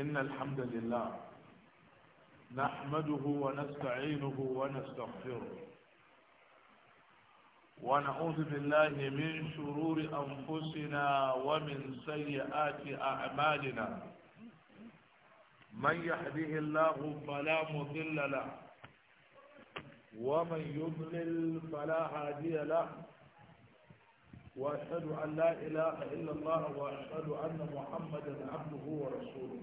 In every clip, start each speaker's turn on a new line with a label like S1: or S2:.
S1: إن الحمد لله نحمده ونستعينه ونستغفره ونعوذ بالله من شرور أنفسنا ومن سيئات أعمالنا من يهده الله فلا مضل له ومن يضلل فلا هادي له واشهد ان لا اله الا الله واشهد ان محمدا عبده ورسوله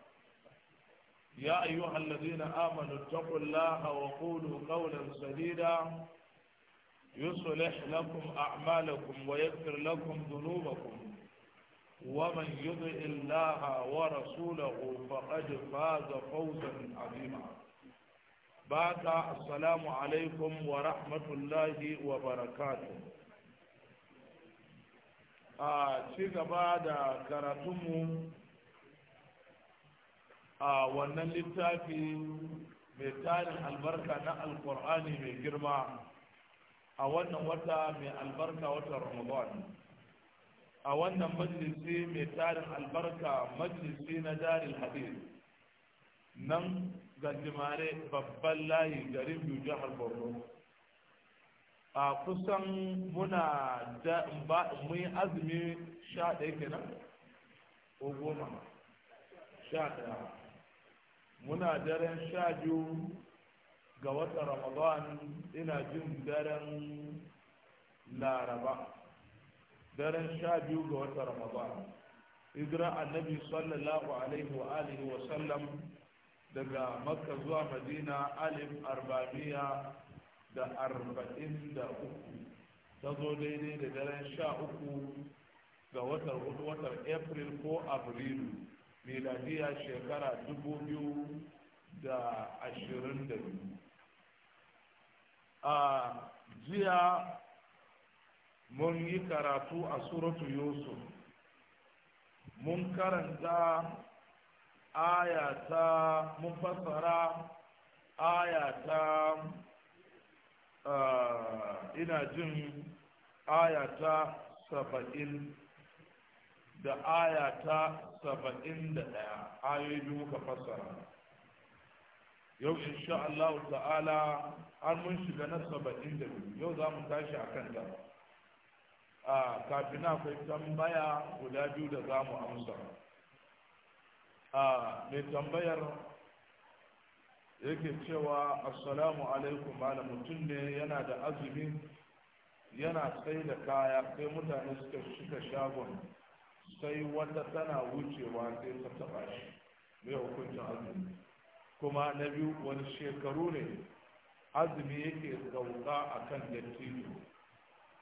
S1: يا أيها الذين آمنوا اتقوا الله وقولوا قولا سديدا يصلح لكم أعمالكم ويغفر لكم ذنوبكم ومن يطع الله ورسوله فقد فاز فوزا عظيما بعد السلام عليكم ورحمة الله وبركاته آه شيخ بعد كرتمه a wannan littafi mai tarin albarka na alkur'ani mai girma a wannan wata mai albarka wata ramadan a wannan majalisi mai tarin albarka majalisi na darin hadith nan gajimare babban layi garin biyu jihar borno a kusan muna da mun azumi sha ɗaya kenan ko goma sha ɗaya muna daren sha biyu ga watan ramadan ina jin daren laraba daren sha biyu ga watan ramadan idra annabi sallallahu alaihi wa alihi wa sallam daga makka zuwa madina alif arba'amiya da arba'in da uku ta zo daidai da daren sha uku ga watan hudu watan april ko abrilu miladiya shekara dubu biyu da ashirin da biyu a jiya mun yi karatu a suratu yusuf mun karanta aya ta mun aya ta eh, ina jin aya ta saba'in da aya ta saba'in da ɗaya ayoyi bi muka fassara yau insha Allah ta'ala an mun shiga na saba'in da biyu yau za mu tashi a kan ta a kafin akwai tambaya guda biyu da za mu amsa a mai tambayar yake cewa assalamu alaikum malam mutum ne yana da azumi yana tsaye da kaya kai mutane suka shiga shagon sai wata tana wucewa sai ta taba shi mai hukuncin azumi kuma na biyu wani shekaru ne azumi yake sauka a kan dattijo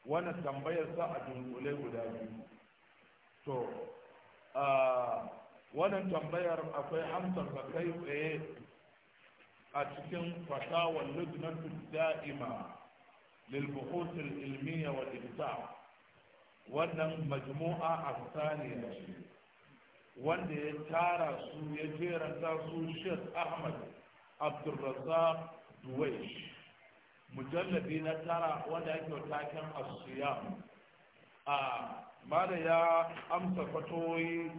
S1: Wani tambayar sa a dunkule guda biyu to wani tambayar akwai amsar da kai tsaye a cikin fasawar lujnatu da'ima lil buhuth al ilmiya wal ibda' wannan majmu'a afsani ne wanda ya tara su ya jeranta su Sheikh Ahmad Abdulrazzaq Duwaish mujallabi na tara wanda yake taken asiya a mara ya amsa fatoyi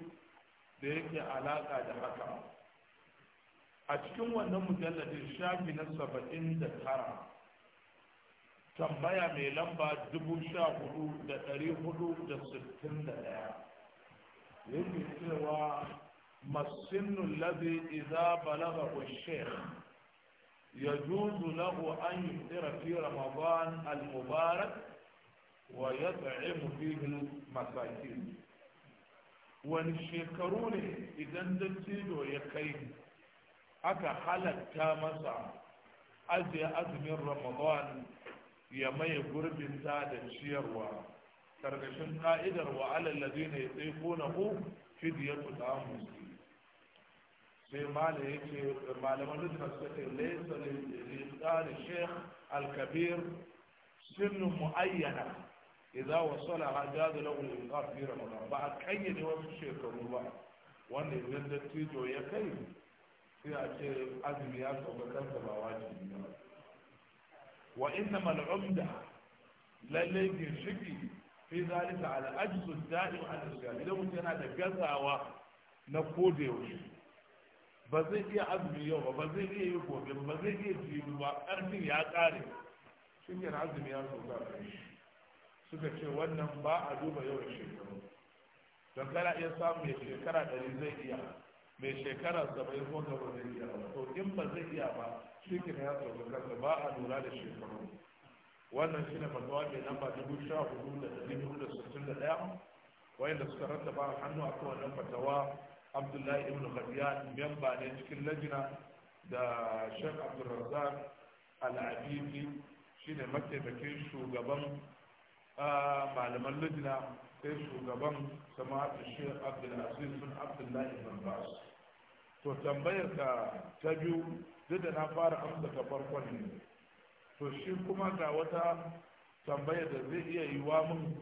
S1: da yake alaka da haka a cikin wannan mujalladin shafi na saba'in da tara تنبيا مي لمبا دبوشا خدو دا تري خدو دا ستن دا لا يمي سوا ما السن الذي إذا بلغه الشيخ يجوز له أن يفتر في رمضان المبارك ويطعم فيه المساكين وان شكروني اذا دلتيدو يكاين اكا حالك تامسا ازي ازمي رمضان ya maye gurbin ta da ciyarwa karkashin ka'idar wa alal ladina yutiqunahu fidyatu ta'amus sai mala yake malaman da suka ce laysa lil sheikh al kabir muayyana idza wasala hajadu lahu al inqaf fi ramadan ba a wasu shekaru ba wanda idan dattijo ya kai sai a ce azumi ya sauka kansa ba wajibi ne wa inna lallai lalle ginshiki fi zalika al'ajizu da'im an islam idan mutum yana da gazawa na koda yaushe ba zai iya azumi yau ba ba zai iya yi gobe ba zai iya jibi ba ƙarfin ya ƙare shi ke azumi ya soka suka ce wannan ba a duba yawan shekaru don iya samun ya shekara ɗari zai iya mai shekara saba'in ko gaba zai iya ba to in ba zai iya ba shi ke ya sauka kansa ba a lura da shekaru wannan shine fatawa ke namba dubu sha hudu da dari hudu da sittin da ɗaya wayanda suka rattaba hannu a kowane fatawa abdullahi ibn khadiyan memba ne cikin lajina da shek abdulrazak al'abibi shi ne mataimakin shugaban malaman lajina sai shugaban sama shek abdulaziz bin abdullahi ibn basu to tambayar ka ta biyu duk da na fara amsa ta farkon ne to shi kuma ga wata tambayar da zai iya yiwa mun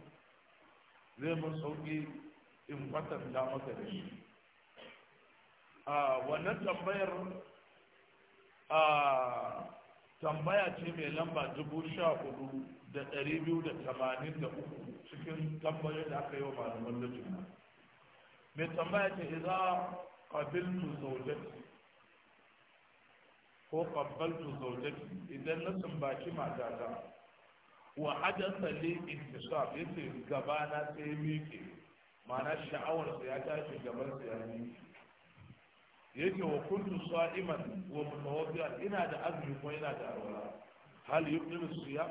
S1: zai mun sauki in kwatanta maka da shi a wannan tambayar a tambaya ce mai lamba dubu sha hudu da ɗari biyu da tamanin da uku cikin tambayoyin da aka yi wa malaman da juna mai tambaya ce idan ko qabbaltu zawjati idan na sumbaci matata wa hadatha li intisab yace gaba na sai miƙe ma'ana sha'awar ya tashi gaban sa ya miƙe yake wa kuntu sa'iman wa mutawaffiyan ina da azumi ko ina da alwala hal yubdilu siyam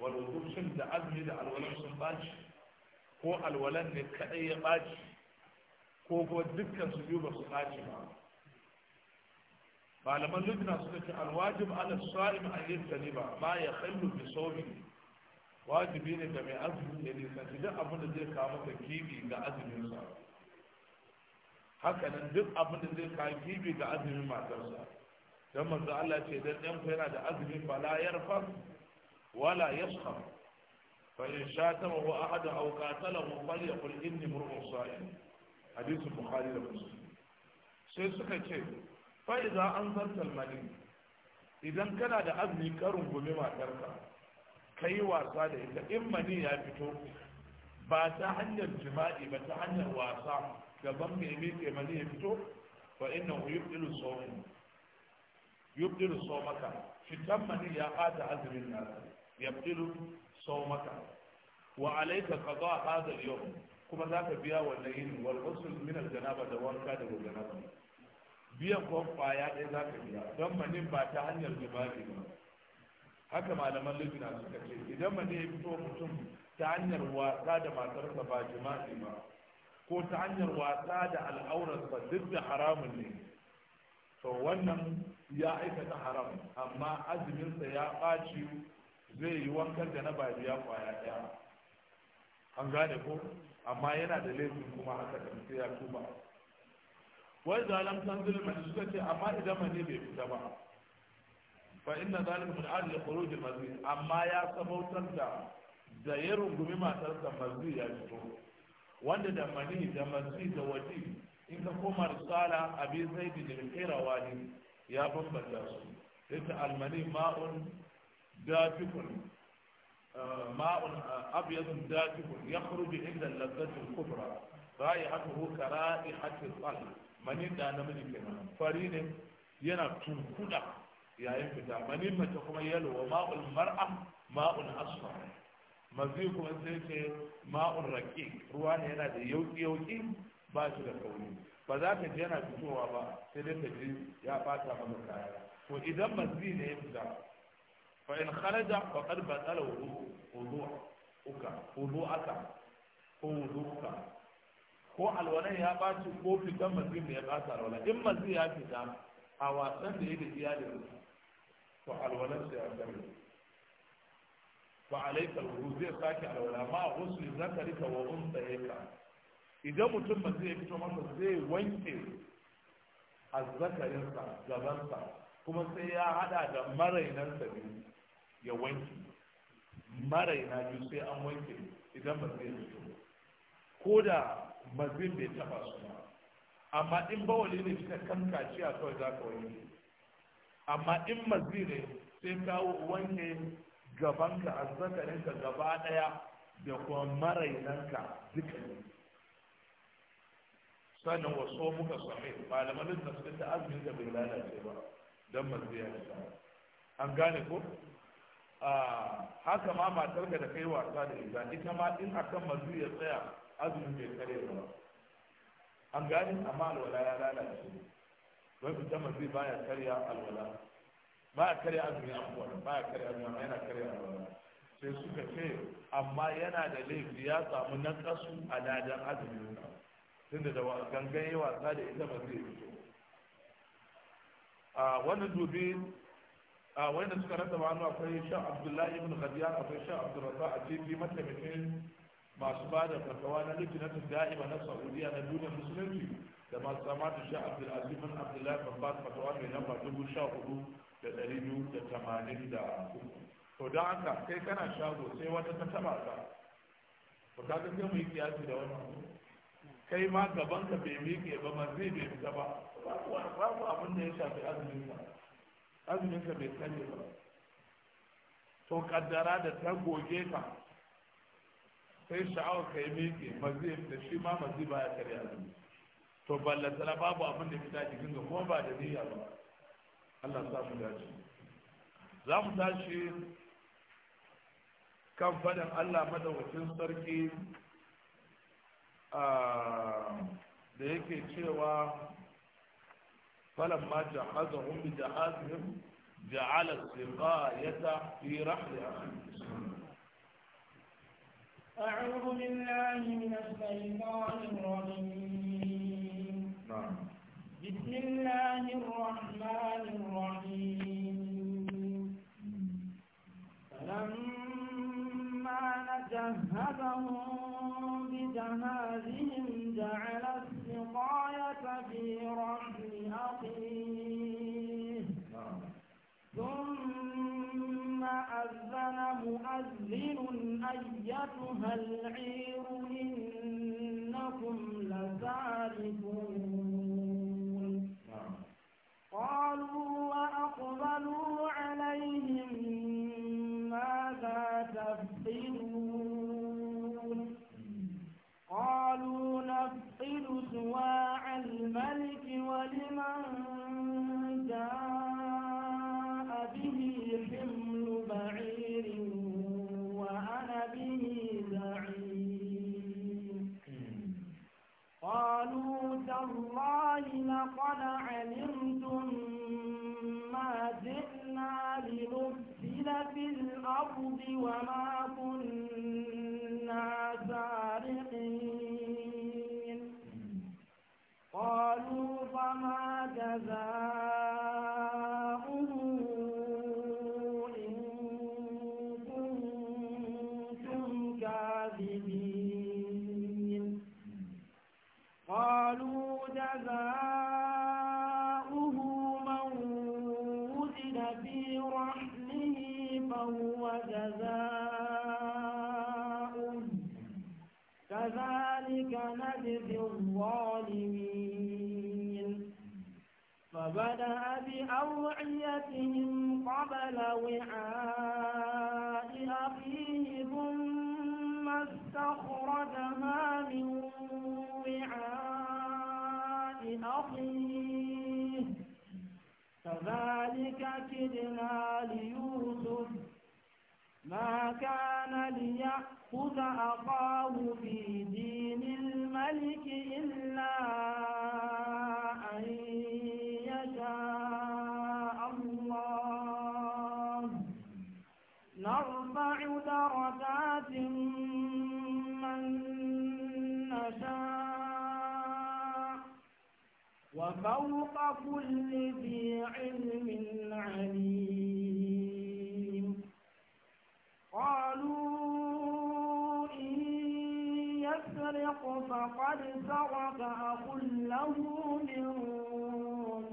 S1: wal wudu shin da azumi da alwala sun ko alwalan ne kadai ya baci ko kuma dukkan su biyu ba su dace ba malaman lujna suka ce alwajib ala sa'im an yastani ba ma ya khallu bi sawmi wajibi ne ga mai azumi ya nisanci duk abin da zai kawo maka kibi ga azumin sa haka nan duk abin da zai kawo gibi ga azumin matarsa dan manzo Allah ce dan ɗan ku yana da azumi fa la yarfas wala yaskhar fa in shatama ahada aw inni sa'im hadisu bukhari da muslim sai suka ce fa idza anzalta al-madin idan kana da azumi karin gumi matarka kai wasa da ita in mani ya fito ba ta hanyar jima'i ba ta hanyar wasa gaban mai miƙe mani ya fito fa inna hu yubdilu sawmi yubdilu sawmaka fitan mani ya ɓata azumin nasa yubdilu sawmaka wa alayka qada hadha al-yawm kuma za ka biya wannan yin wal min al janaba da wanka daga janaba biyan ko kwaya ɗaya za ka biya don manin ba ta hanyar jima'i ba haka malaman lujina suka ce idan mani ya fito mutum ta hanyar wasa da matarsa ba jima'i ba ko ta hanyar wasa da al'aurarsa duk da haramun ne to wannan ya aikata haram amma azuminsa ya ɓaci zai yi wankan da na ba biya kwaya ɗaya an gane ko amma yana da laifin kuma haka da sai ya tuba wai zalam san zulmin suka ce amma idan mani bai fita ba fa inna zalim min adli khuruj al-mazi amma ya sabautar da da ya rungumi matarsa mazi ya fito wanda da mani da mazi da wadi in ka koma risala abi zaid bin qirawani ya bambanta su sai almani ma'un dafikun ماء أبيض دافئ يخرج عند اللذة الكبرى رائحته كرائحة الطلق manin da namiji kenan fari ne yana tunkuda yayin fita manin mace kuma yalo wa ma'ul mar'a ma'un asfar mazi kuma sai ce ma'un raƙi ruwa ne yana da yauki yauki ba shi da kauri ba za ka ji yana fitowa ba sai dai ka ya fata maka kaya idan mazi na ya fita fa in kharaja faqad batala wudu'uka wudu'aka ko wudu'uka ko alwalan ya baci ko fitan mazin da ya bata alwalan in mazin ya fita a wasan da ya da iyalin to alwalan sai an gare fa alayka alwudu zai sake alwala ma ta zakarika wa unsayka idan mutum mazin ya fito masa zai wanke a zakarinsa gabansa kuma sai ya haɗa da marainansa biyu ya wanki mara yana ju sai an wanke idan ba zai fito ko da mazin bai taba su ba amma in bawali ne ta kanka a kawai za ka wanke amma in mazi ne sai ka wanke gabanka azzakarinka gaba daya da kuma marainanka duka sannan wasu muka sami malamanin da suka ta azumin da bai lalace ba don mazi ya an gane ko haka ma matarka da kai wasa da ita ita ma in akan mazu ya tsaya azumin bai kare ba an gani amma alwala ya lalace don fita mazu ya karya alwala ya karya azumin abubuwa ya karya azumin amma yana karya alwala sai suka ce amma yana da laifi ya samu na kasu a dadan azumin tunda da gangan yi wasa da ita mazu zai fito a wani dubi a ah, wanda suka rasa nuna akwai sha abdullahi ibn khadiyar akwai sha abdurraza a cikin mataimakin masu ba da fatawa na lijinatin da'ima na saudiya na duniyar musulunci da masu zama da sha abdulaziz ibn abdullahi babbar fatawa mai lamba dubu sha hudu da dari biyu da tamanin da uku to don haka kai kana shago sai wata ta taba ka to ka ga mu yi kiyasi da wannan kai ma gaban ka bai miƙe ba ma zai bai fita ba babu abin da ya shafi azumin ka azumin ka bai sani ba to kaddara da ta goge ka sai sha'awar ka yi miƙe mazib da shi ma mazib ba ya karya azumi to ballantana babu abin da fita jikin ga kuma ba da niyya ba Allah sa mu dace za mu tashi kan faɗin Allah madawacin sarki ah, da yake cewa فلما جهزهم بجهازهم جعل السقاية في رحل
S2: أعوذ بالله من الشيطان الرجيم نعم بسم الله الرحمن الرحيم فلما نجهزهم بجهازهم جعل السقاية في رحم أخيه ثم أذن مؤذن أيتها العير إنكم لسالكون قالوا وأقبلوا عليهم ماذا تفقدون قالوا سواع الملك ولمن جاء به حمل بعير وأنا به زعيم قالوا تالله لقد علمتم ما جئنا لنفسد في الأرض وما كنا سارقين قالوا فما جزاؤه أخاه في دين الملك إلا أن يشاء الله نرفع درجات من نشاء
S1: وفوق
S2: كل ذي علم عليم فقد سرق أخ له من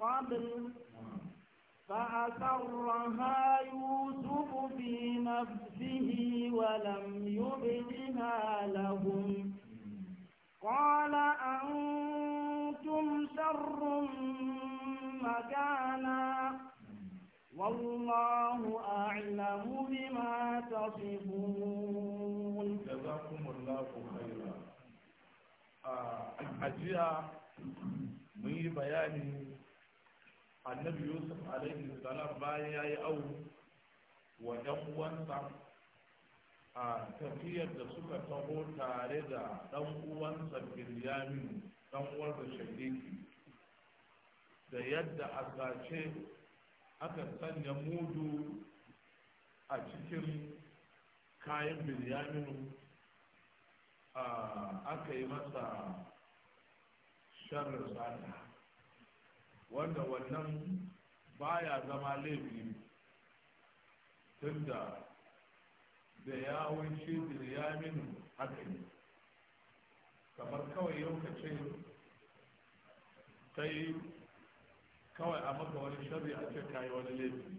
S2: قبل فأسرها يوسف في نفسه ولم يبدها لهم قال أنتم شر مكانا والله أعلم بما تصفون
S1: جزاكم الله خيرا a jiya mun yi bayani annabi yusuf alaihi salam bayan ya yi awu wa ɗan uwansa a tafiyar da suka taho tare da ɗan uwansa bilyamin ɗan uwansa shaidiki da yadda a zace aka sanya mudu a cikin kayan bilyaminu aka yi masa sharrin sata wanda wannan baya zama laifi tunda da ya wuce biryamin haka ne kamar kawai yau ka ce sai kawai a maka wani shari a ce kayi wani laifi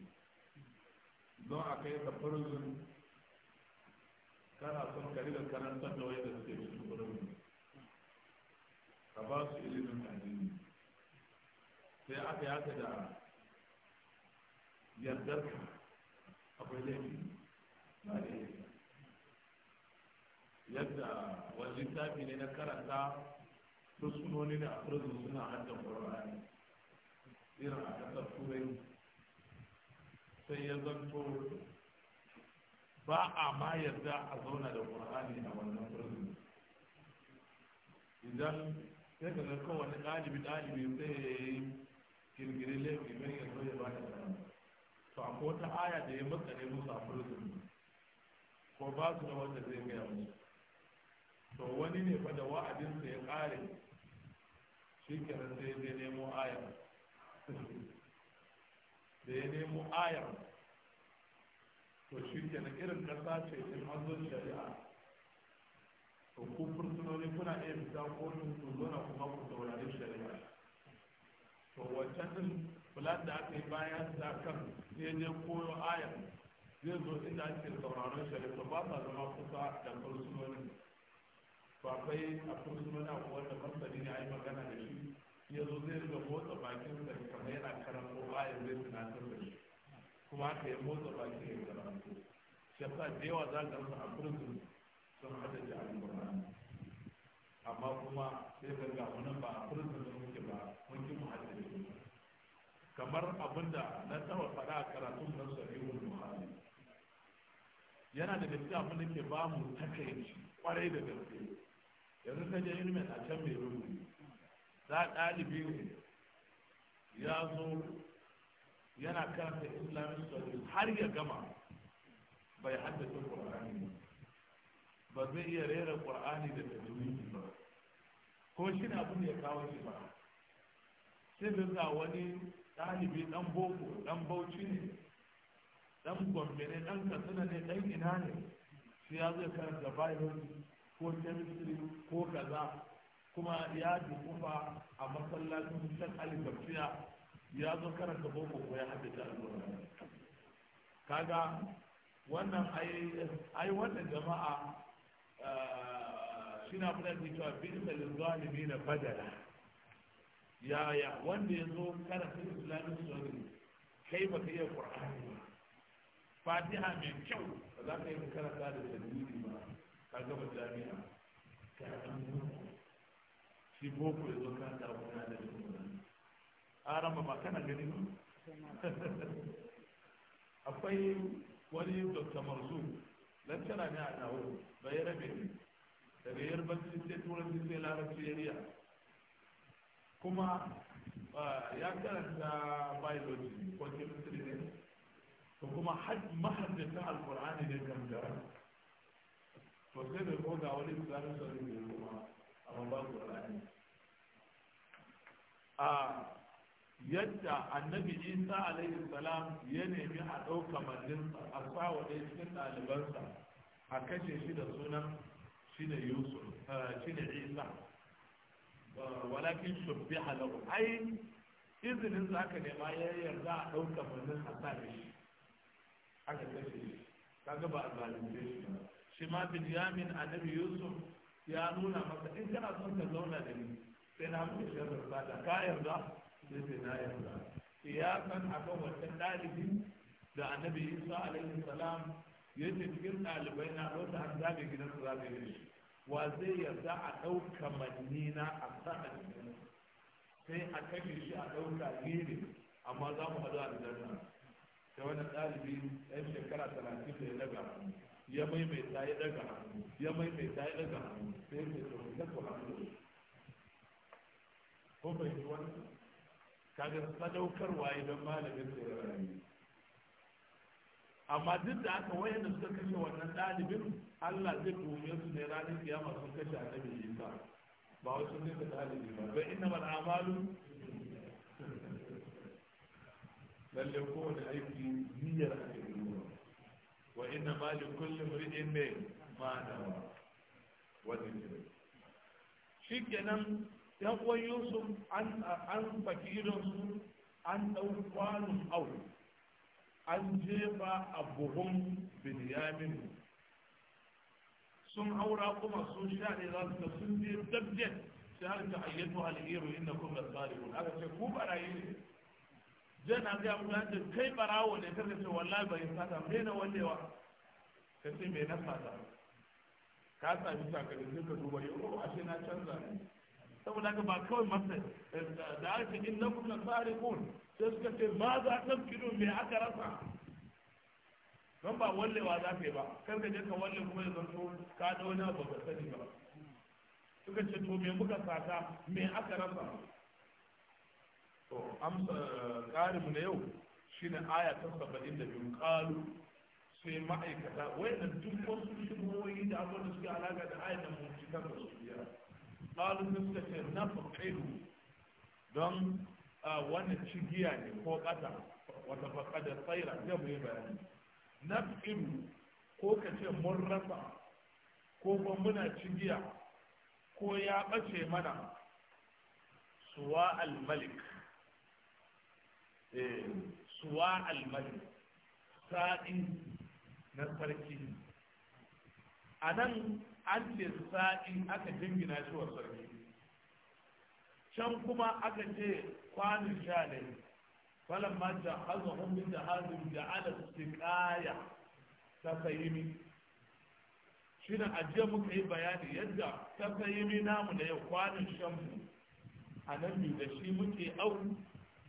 S1: don a kai ka prison kana son ka riga karantar da wanda suke cikin gurin ka ba su ilimin addini sai aka yaka da yardar ka akwai laifi ba laifi
S2: yadda wani littafi ne na karanta
S1: suno ne a fursun suna haddan ƙwararrani irin a ƙasar turai sai ya zanto ba a ma yarda a zauna da qur'ani a wannan prison idan sai ka zarko wani ɗalibi ɗalibi sai ya yi girgiri laifi mai ya zo ya ba da dama to akwai wata aya da ya matsare musu a prison ko ba su da wanda zai gaya musu to wani ne fa da wa'adinsa ya ƙare shi kenan sai ya nemo aya da ya nemo ayar to shi kenan irin ƙasa ce in an zo shari'a to ku fursunoni kuna iya fita ko su zo na kuma ku saurari shari'a to wancan din bulat da aka yi bayan da kan sai koyo ayan zai zo inda ake sauraron shari'a ba sa zama kusa da fursunoni to kai a fursunoni a wanda kamfani ne a yi magana da shi ya zo zai riga motsa bakin sa kamar yana karan bayan zai tunatar da shi kuma aka yi motsa baki da zama shi yasa da yawa za ka rasa a prison sun haddace alƙur'ani amma kuma sai ka ga wani ba a prison da muke ba mun ki mu haddace kamar abinda na taɓa faɗa a karatun nan sahihul bukhari yana da gaske abin da ke ba mu takaici kwarai da gaske yanzu ka je ilimin a can mai rubu za ɗalibi ne ya zo yana karanta islamic studies har ya gama bai haddace ƙwar'ani ba zai iya rera ƙwar'ani da tajwidi ba ko shi na abin da ya kawo shi ba sai da wani ɗalibi ɗan boko ɗan bauchi ne ɗan gombe ne ɗan katsina ne ɗan ina ne sai ya zai karanta biology ko chemistry ko kaza kuma ya dukufa a masallacin shan alifatiya ya zo karanta boko ko ya haddace alƙur'ani kaga wannan ai wannan jama'a eh, na muna da cewa bisa lizalimi na badala yaya wanda ya zo karanta islamin sunan kai ba ka iya qur'ani ba fatiha mai kyau ba za ka yi karanta da tajwidi ba ka gaba jami'a ka yi shi boko ya zo karanta abu na da jami'a ƙaran ba kana gani ba akwai wani dr marzu lantana ne a dawo bai rabe ne daga yarbanci sai turanci sai larabci ya kuma ya karanta biology ko chemistry ne to kuma mahaddata alkur'ani ne gangara to sai da ko ga wani tsarin sauri ne kuma amma ba su ra'ayi ah, yadda annabi isa alaihi salam ya nemi a ɗauka majinsa a sa wa ɗaya cikin ɗalibansa a kashe shi da sunan shi ne yusuf eh, shi ne isa walakin shubbi halau ai izinin za ka nema ya yarda a ɗauka mandin a sa da shi aka kashe shi Ka ba a zalunce shi ba shi ma binyamin annabi yusuf ya nuna masa in kana son ka zauna da ni sai na mutu shirin da ka yarda sai sai na yasa kiyasan akan wancan ɗalibin da annabi isa alaihi salam ya ce cikin ɗalibai na ɗauka har zaɓe gidan su zaɓe ne wa zai yarda a ɗauka mannina a sa a cikin sai a kashe shi a ɗauka gini amma za mu haɗu a aljanna Da wani ɗalibi ɗan shekara talatin da ya daga ya maimaita ya daga ya maimaita ya daga sai ya ce to ku hannu ko bai wani kaga waye don malamin sai ya rayu amma duk da aka wayanda suka kashe wannan ɗalibin Allah zai tume su ne ranar kiyama sun kashe annabi Isa ba wasu ne ka ɗalibi ba bai inna mal amalu lalle kowane aiki niyyar ake yi wa inna ma li kullum mri'in ma nawa wajen shi kenan yan uwan yusuf an fakirinsu an ɗau kwanon au an jefa a buhun binyamin sun aura kuma sun sha ne za su sun je dabjet sai har ka ayyatu al'iru inda kun da tsari aka ce ku barayi ne jan na gaya mutu hajji kai barawo ne kar ka ce wallahi bai sata mai na wallewa ka ce mai na sata ka sami sakamakon ka duba yau ashe na canza ne saboda ka ba kawai masa eh, da aka yi na kuma tsari kun sai suka ce ma za ta fito me aka rasa don ba wallewa za ka yi ba kar ka je ka walle kuma ya zanto ka da wani abu ka sani ba suka ce to me muka sata me aka rasa to amsa eh, ƙarinmu na yau shine aya ta saba'in da biyu ƙalu sai ma'aikata wayannan duk wasu shigoyi da abin da suke alaƙa da da mun cikar da su biya ƙalun suka ce na faƙilu don wani cigiya ne ko ƙasa wata faƙa da tsaira zai mu yi bayani na faƙilu ko ka ce mun rasa ko kuma muna cigiya ko ya ɓace mana suwa al-malik suwa al-malik sa'i na sarki a nan an lissa in aka jingina shi wa sarki can kuma aka ce kwanin sha ne falon ma hazo hannun da hazin da ala kaya ta sayimi shi na ajiya muka yi bayani yadda ta sayimi namu da yau kwanin shan mu a nan biyu, da shi muke au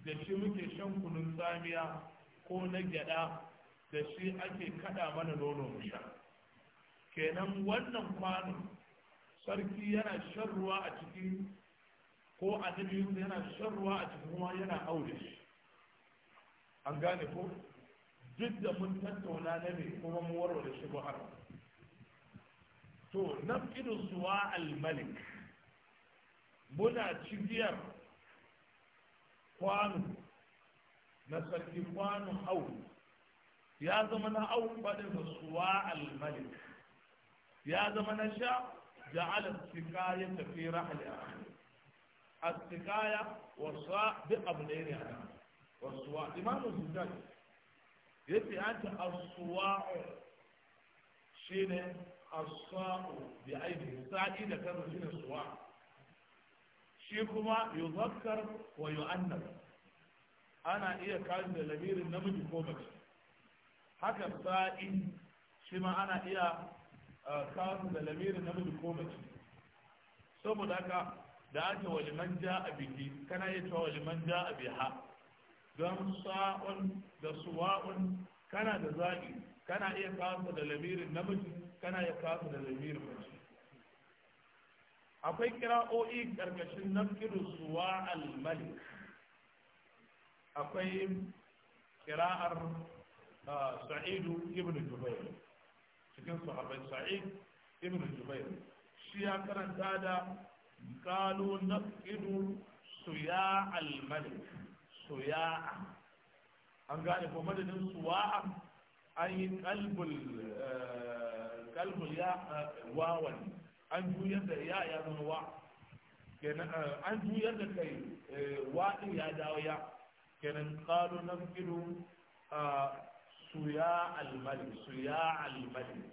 S1: da shi muke shan kunun tsamiya ko na gyada da shi ake kada mana nono mu sha kenan wannan kwanon sarki yana shan ruwa a cikin ko a yusuf yana shan ruwa a cikin ruwa yana aure shi an gane ko duk da mun tattauna na ne kuma mu warware shi har to na nafidu suwa al-malik muna cibiyar kwano na sarki kwano Hau ya zama na au daga suwa al-malik في هذا من الشعر جعل السكاية في رحلة السكاية والصاع بقبلين يعني والصواع إمام الزجاج يتي أنت الصواع شين الصاع بأيدي سعيدة كان شين الصواع شيكما يذكر ويؤنب أنا إيه كان لغير النمج كومكس حتى سائل شما أنا إيه kasu da lamirin namiji ko ce saboda haka da ake waliman ja a biki kana yi cewa waliman ja a biha don sa'un da suwa'un kana da zaɓi kana iya kasu da lamirin namiji kana iya kasu da lamirin mace akwai kira'o'i karkashin kiru suwa al-malik akwai kira'ar ah, sa'idu ibn jubair cikin sahabbai sa'id ibn jubair shi ya karanta da qalu naqidu suya al-malik suya an gane ko madadin suwa an yi kalbul qalbul eh, ya eh, wawan an juyar da ya ya zama wa eh, an juyar da kai wa ya dawo ya kenan qalu naqidu suya al-malik suya al-malik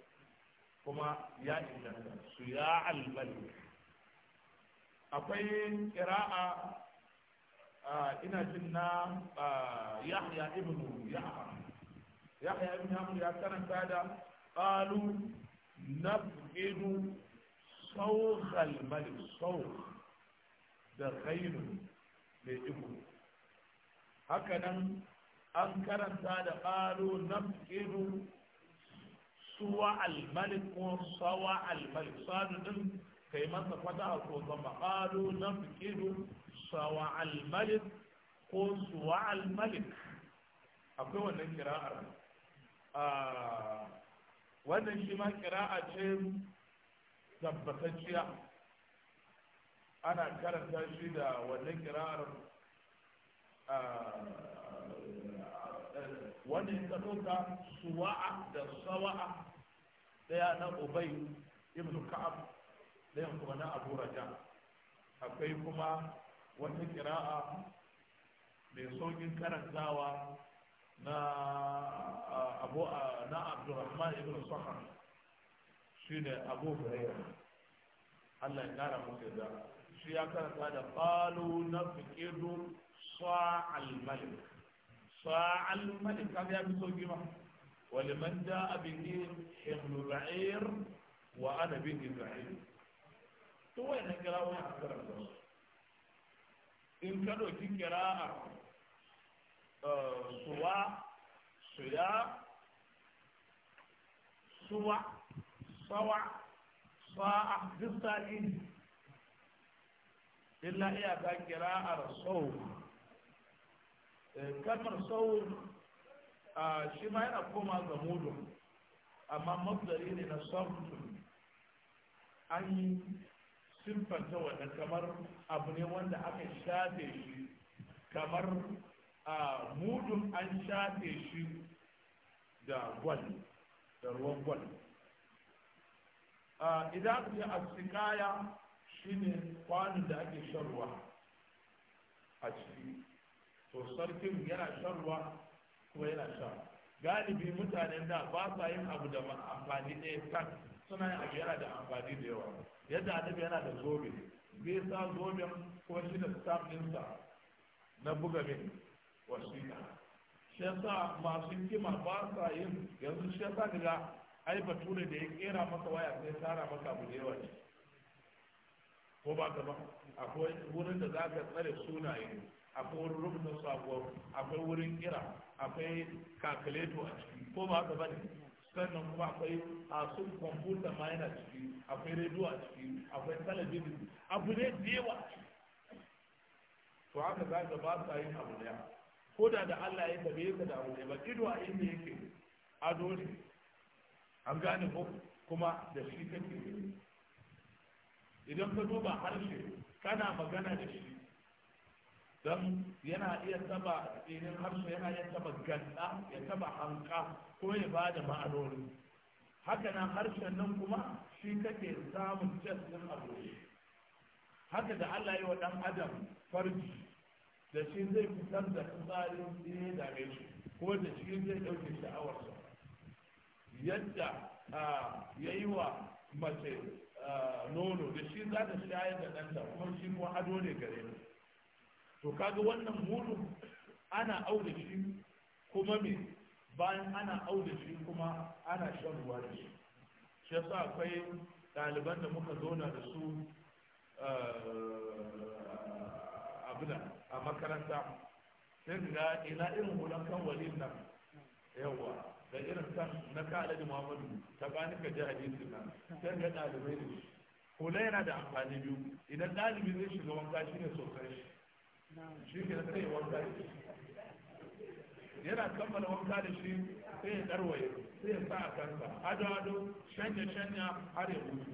S1: kuma ya inganta suya al-malik akwai kira'a ina jin na yahya ibnu yahya yahya ibnu yahya ya karanta da qalu nabqidu صوخ الملك صوخ ده غيره لإبو هكذا an karanta da ƙalu nafkiru suwa almalik ko sawa almalik sadu din kai masa fata a ko zama ƙalu nafkiru sawa almalik ko suwa almalik akwai wannan kira'ar ah, wannan shi ma kira'a ce tabbatacciya ana karanta shi da wannan kira'ar ah, wanda kato ka suwa'a da sawa'a ɗaya na ubay ibn ka'ab ɗayan kuma na abu raja akwai kuma wata kira'a mai saukin karantawa na abu na abdurrahman ibn sahar shi ne abu hurairah Allah ya kara musu da shi ya karanta da qalu nafiqidu sa'al malik فعل الملك كان يعمل سوقي ولمن جاء بالدين حمل بعير وأنا به بعير تو وين القراءة وين القراءة إن كانوا في قراءة سواء سياء سواء سواء ساعة في الصالحين إلا هي قراءة صوم Eh, kalmar saur shi ma yana koma ga mudun amma mafdari ne na sabtun an yi simfanta wadda kamar abu ne wanda aka shafe shi kamar a mudun an shafe shi da gwal da ruwan gwal idan aka ce asikaya shine kwanin da ake shan ruwa a ciki to sarkin yana shan ruwa kuma yana sha galibi mutanen da ba sa yin abu da amfani ɗaya kan suna yin abu yana da amfani da yawa yadda annabi yana da zobe bai sa zoben ko shi da staff ɗinsa na buga min wasiƙa shi yasa masu kima ba sa yin yanzu shi yasa daga ai bature da ya kera maka waya sai tara maka abu da yawa ko ba ka ba akwai wurin da za ka tsare sunaye akwai wurin rubuta sabo akwai wurin kira akwai calculator a ciki ko ba haka bane sannan kuma akwai asu kwamfuta ma yana ciki akwai rediyo a ciki akwai talabijin abu ne da yawa to haka za ka ba sa yin abu daya ko da da Allah ya tabe ka da abu daya ba ido a inda yake ado ne an gane ko kuma da shi kake idan ka duba harshe kana magana da shi don yana iya taba tsinin harshe yana iya taba ganda ya taba hanka ko ya ba da ma'anoni haka nan harshen nan kuma shi kake samun jas din haka da Allah yi wa dan adam farji da shi zai fitar da tsarin tsine da shi ko da shi zai dauke sha'awarsa yadda ya yi wa mace nono da shi za ta shayar da ɗanta kuma shi kuma ado ne gare ni to kaga wannan mulu ana auda shi kuma me bayan ana auda shi kuma ana shan ruwa da shi shi yasa akwai ɗaliban da muka zauna da su eh, abuna a makaranta sai ga ina irin hulan kan walin nan yawa da irin kan na kala da muhammadu ta bani ka ji hadisi nan sai ga ɗalibai da shi hula yana da amfani biyu idan ɗalibi zai shiga wanka shine sosai shi ke sai wanka
S3: yana kammala wanka da shi sai ya
S1: ɗarwaye sai ya sa a kansa ado ado shanya shanya har ya mutu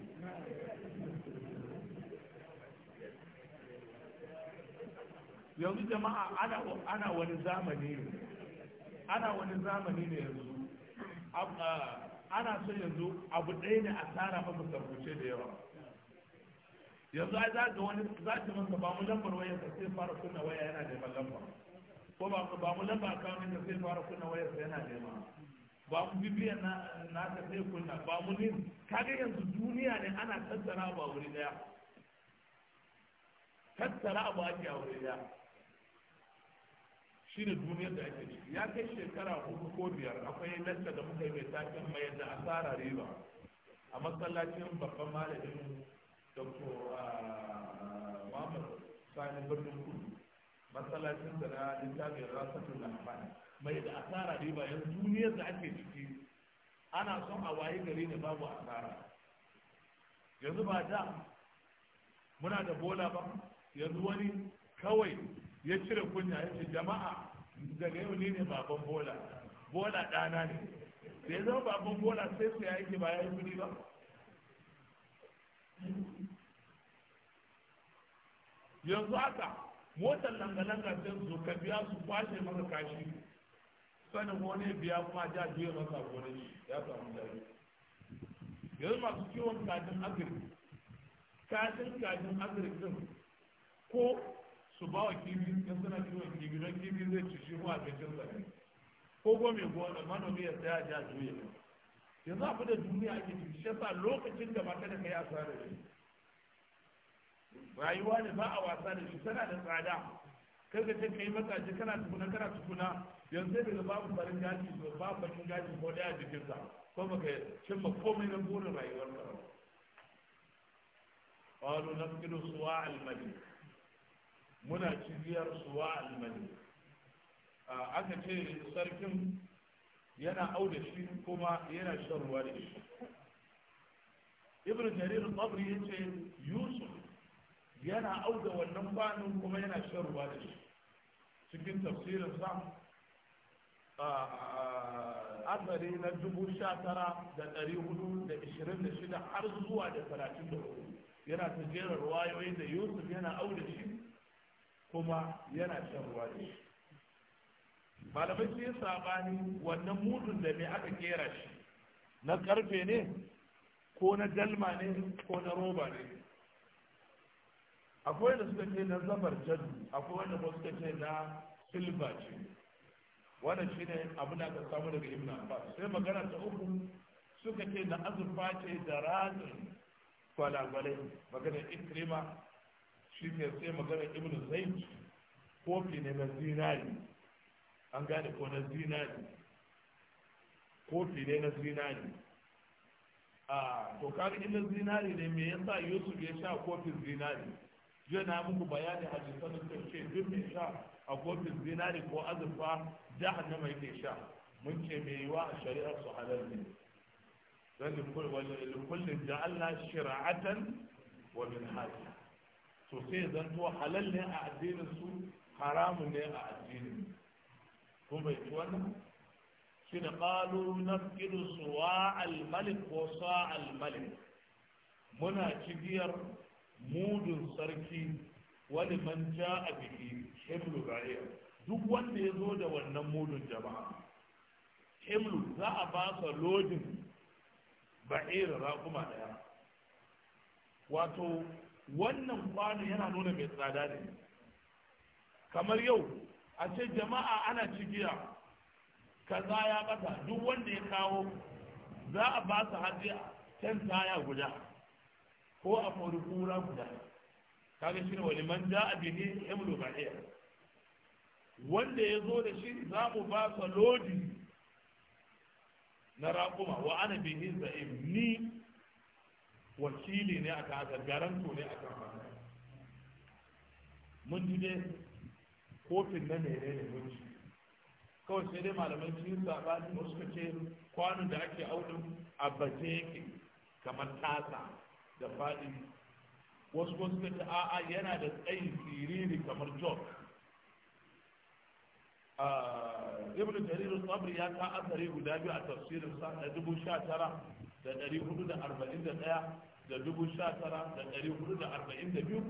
S3: yanzu jama'a
S1: ana wani zamani ne ana wani zamani ne yanzu ah, ana son yanzu abu ɗaya ne a tsara fa musabbuce da yawa yanzu ai za ga wani za ki masa ba mu lambar wayar sa sai fara kunna waya yana neman lamba ko ba ba mu lamba akawunin da sai fara kunna wayar sa yana nema ba mu bibiya na na ta sai kunna ba mu ne kaga yanzu duniya ne ana tattara ba wuri daya tattara a ake a wuri daya shi ne duniyar da ake ciki ya kai shekara hudu ko biyar akwai lacca da muka yi mai takin mai da asara riba a masallacin babban malamin dr ah, muhammad sani birnin kudu masallacin da na littafin rasatun amfani mai da asara ne bayan duniyar da ake ciki ana son a waye gari ne babu asara yanzu ba da muna da bola ba yanzu wani kawai ya cire kunya ya ce jama'a daga yau ne ne baban bola bola ɗana ne da ya zama baban bola sai sai ya yake ba ya yi kuɗi ba yanzu haka motar langa-langa sai zo ka biya su kwashe maka kashi sanin wani biya kuma ja biyu masa gona ya samu jari yanzu masu kiwon kajin agri kajin kajin agri din ko su ba wa kibi in suna kiwon kibi don kibi zai ci shi mu abincin sa ko ko mai gona manomi ya tsaya ja juya yanzu abu da duniya ake ciki shi yasa lokacin da ba kada ka yi asara da shi rayuwa ne ba a wasa da shi tana da tsada ga ce kai matsaji kana tukuna kana tukuna yanzu daga babu farin gaji babu bakin gaji ko daya jikin sa ko baka cimma komai na burin rayuwar ka qalu nafkidu suwa al-mali muna cibiyar suwa al-mali aka ce sarkin yana au da shi kuma yana shan ruwa da shi ibn jarir al-qabri yace yusuf yana au da wannan banin kuma yana shan ruwa da shi cikin tafsirin sa azari na dubu sha tara da ɗari hudu da ishirin da shida har zuwa da talatin da hudu yana ta jera ruwayoyi da yusuf yana au da shi kuma yana shan ruwa da shi malamai sun yi sabani wannan mudun da me aka kera shi na karfe ne ko na dalma ne ko na roba ne akwai wanda suka ce na zabar jadu akwai wanda ba suka ce na silva ce shi ne abin da aka samu daga ibn abbas sai magana ta uku suka ce na azurfa ce da ratsin kwalagwale magana ikrima shi ne sai magana ibn zaid kofi ne na zinari an gane ko na zinari kofi dai na zinari a to kaga na zinari ne me yasa yusuf ya sha kofin zinari Jiya na muku bayani a jisan da ce duk mai sha a kofin zinari ko azurfa jahannama yake sha mun ce mai yiwa a shari'ar su halar ne dan da ja'alna shira'atan wa min hajji to sai zanto halal ne a addinin su haramun ne a addinin ko bai ci wannan shi na ƙalu na fidu suwa almalik ko sa almalik muna cigiyar mudun sarki wani man a biki himlu ra'iya duk wanda ya zo da wannan mudun jama'a Hemlu za a ba sa lodin ba'ir raƙuma ɗaya wato wannan kwano yana nuna mai tsada ne kamar yau a ce jama'a ana cigiya kaza ya bata duk wanda ya kawo za a ba su hajji can taya guda ko a mori kura guda kaga shi ne wani man ja a bihi himlu ba'iya wanda ya zo da shi za mu ba su lodi na raƙuma wa ana bihi za'im ni wakili ne a kasar garanto ne a kan mun ji dai kofin na mere ne wuce kawai sai dai malamai sun yi da wasu suka ce kwanon da ake audun a baje yake kamar tasa da faɗi wasu wasu suka ce a'a yana da tsayin siriri kamar jok ibn jarir sabri ya ta asari guda biyu a tafsirin sa da dubu sha tara da ɗari hudu da arba'in da ɗaya da dubu sha tara da ɗari hudu da arba'in da biyu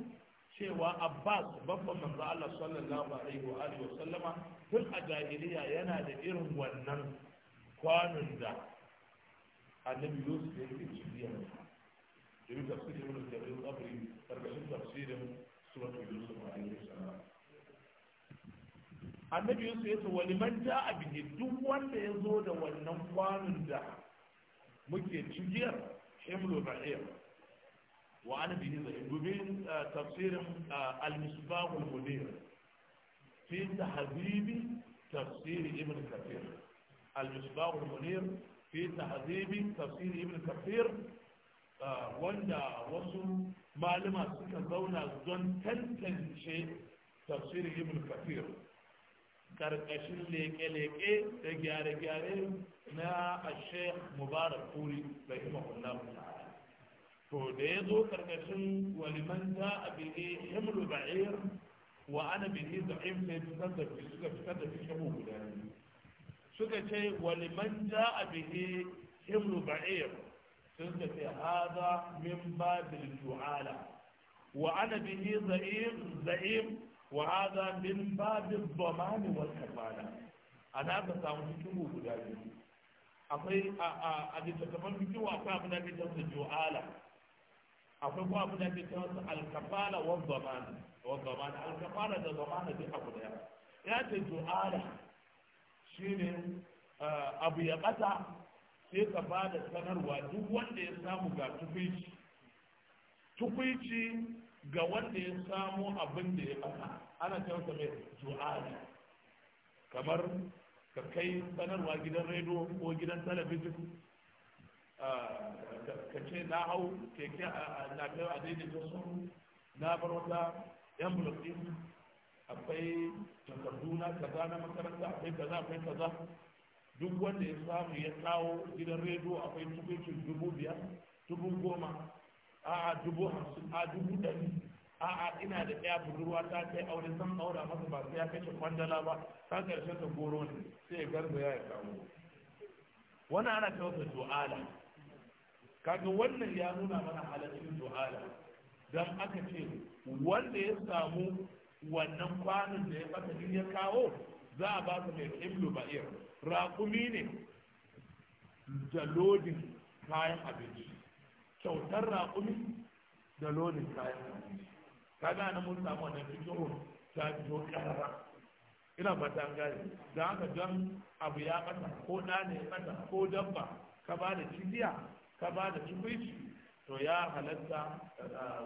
S1: cewa abbas babban manzo Allah sallallahu alaihi wa alihi wa sallama tun a jahiliya yana da irin wannan kwanon da annabi yusuf ya yi cibiya domin tafsirin da jarir qabri karkashin tafsirin suratul yusuf alaihi salam annabi yusuf ya ce wani man ja'a bihi duk wanda ya zo da wannan kwanon da muke cibiyar himlu ba'ir wa ana bi nizari domin eh, tafsirin eh, al-misbahul munir fi tahdhibi tafsir ibn kathir al-misbahul munir fi tahdhibi tafsir ibn kathir eh, wanda wasu malama suka zauna don tantance tasiri ibn Kafir. Ƙarƙashin leke-leke da gyare-gyare na ashe mubarak turi da himahullahu to da ya zo karkashin waliman za a bihe himlu ba'ir wa ana bihe za'in sai fitar da fi suka fitar da fi shabu guda suka ce waliman za a bihe himlu ba'ir sun tafi haza min babil ju'ala wa ana bihe za'im za'im wa haza min babil zamani wal kafala na ka samu shabu guda biyu akwai a littattafan biyu akwai abin da ake tafi ju'ala akwai kuma abin da ake cewa su alkafala wa zamana wa zamana alkafala da zamana duk abu da ya ce du'ala ne eh, abu ya ƙasa sai ka ba da sanarwa duk wanda ya samu ga tukuici tukuici ga wanda ya samu abin da ya ƙasa ana cewa sa mai du'ala kamar ka kai sanarwa gidan rediyo ko gidan talabijin Ah, ka ce na hau keke na kai a daidai da su na bar wata yan bulletin akwai takardu na kaza na makaranta akwai kaza akwai kaza duk wanda ya samu ya kawo gidan rediyo akwai tukukin dubu biyar dubu goma a dubu hamsin a dubu a a'a ina da ɗaya budurwa ta kai aure zan aura masa ba sai ya kashe kwandala ba ta ƙarshen ta goro ne sai ya garba ya kawo Wani ana kyauta du'ala kaga wannan ya nuna mana halaccin du'ala dan aka ce wanda ya samu wannan kwanin da ya baka ya kawo za a ba su mai ibnu ba'ir raƙumi ne da lodin kayan abinci kyautar raƙumi da lodin kayan abinci kaga na mun samu wannan cikin ta fito ƙarara ina fata gane Don haka don abu ya ɓata ko ɗa ne ya ɓata ko dabba ka ba da cibiya ka ba da tukwici to ya halatta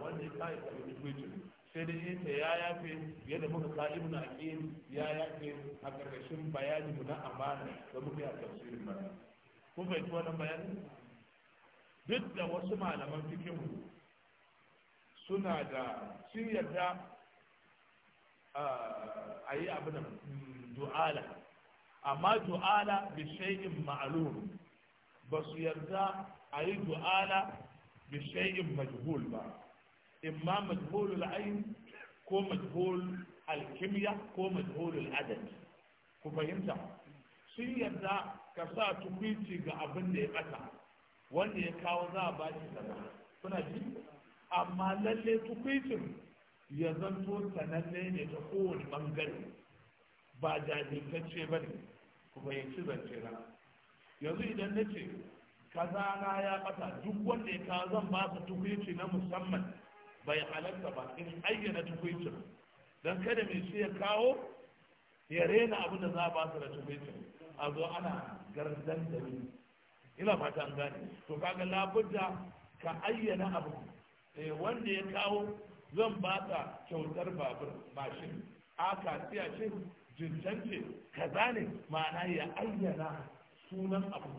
S1: wanda ya kayi da tukwici sai dai yin ta ya yafe fiye da muka ka na aqil ya yafe a karkashin bayani mu na amana da muka yi a tafsirin ba kun fahimci wannan bayani duk da wasu malaman fikihu suna da sun yarda a yi abin da mm, du'ala amma du'ala bi shay'in ma'lum ba su yarda ayi yi du'ana bi shay'in majhul ba imma al ayn ko majhul alkimya ko al adad ku fahimta sun yarda ka sa tukwici ga abin da ya bata wanda ya kawo za a bashi sana kuna ji amma lalle tukwicin ya zanto sananne ne ta kowane bangare ba jajirtacce ba ne ku fahimci zance na yanzu idan na ce kaza na ya bata duk wanda ya kawo zan ba su tukuici na musamman bai halatta ba in ayyana tukuicin don kada mai shi ya kawo ya rena abin da za a ba su da tukuicin a zo ana gardan da ni ina fata an gane to kaga labudda ka ayyana abu eh, wanda ya kawo zan ba ta kyautar babur a aka siya shi jinjance kaza ne ma'ana ya ayyana sunan abu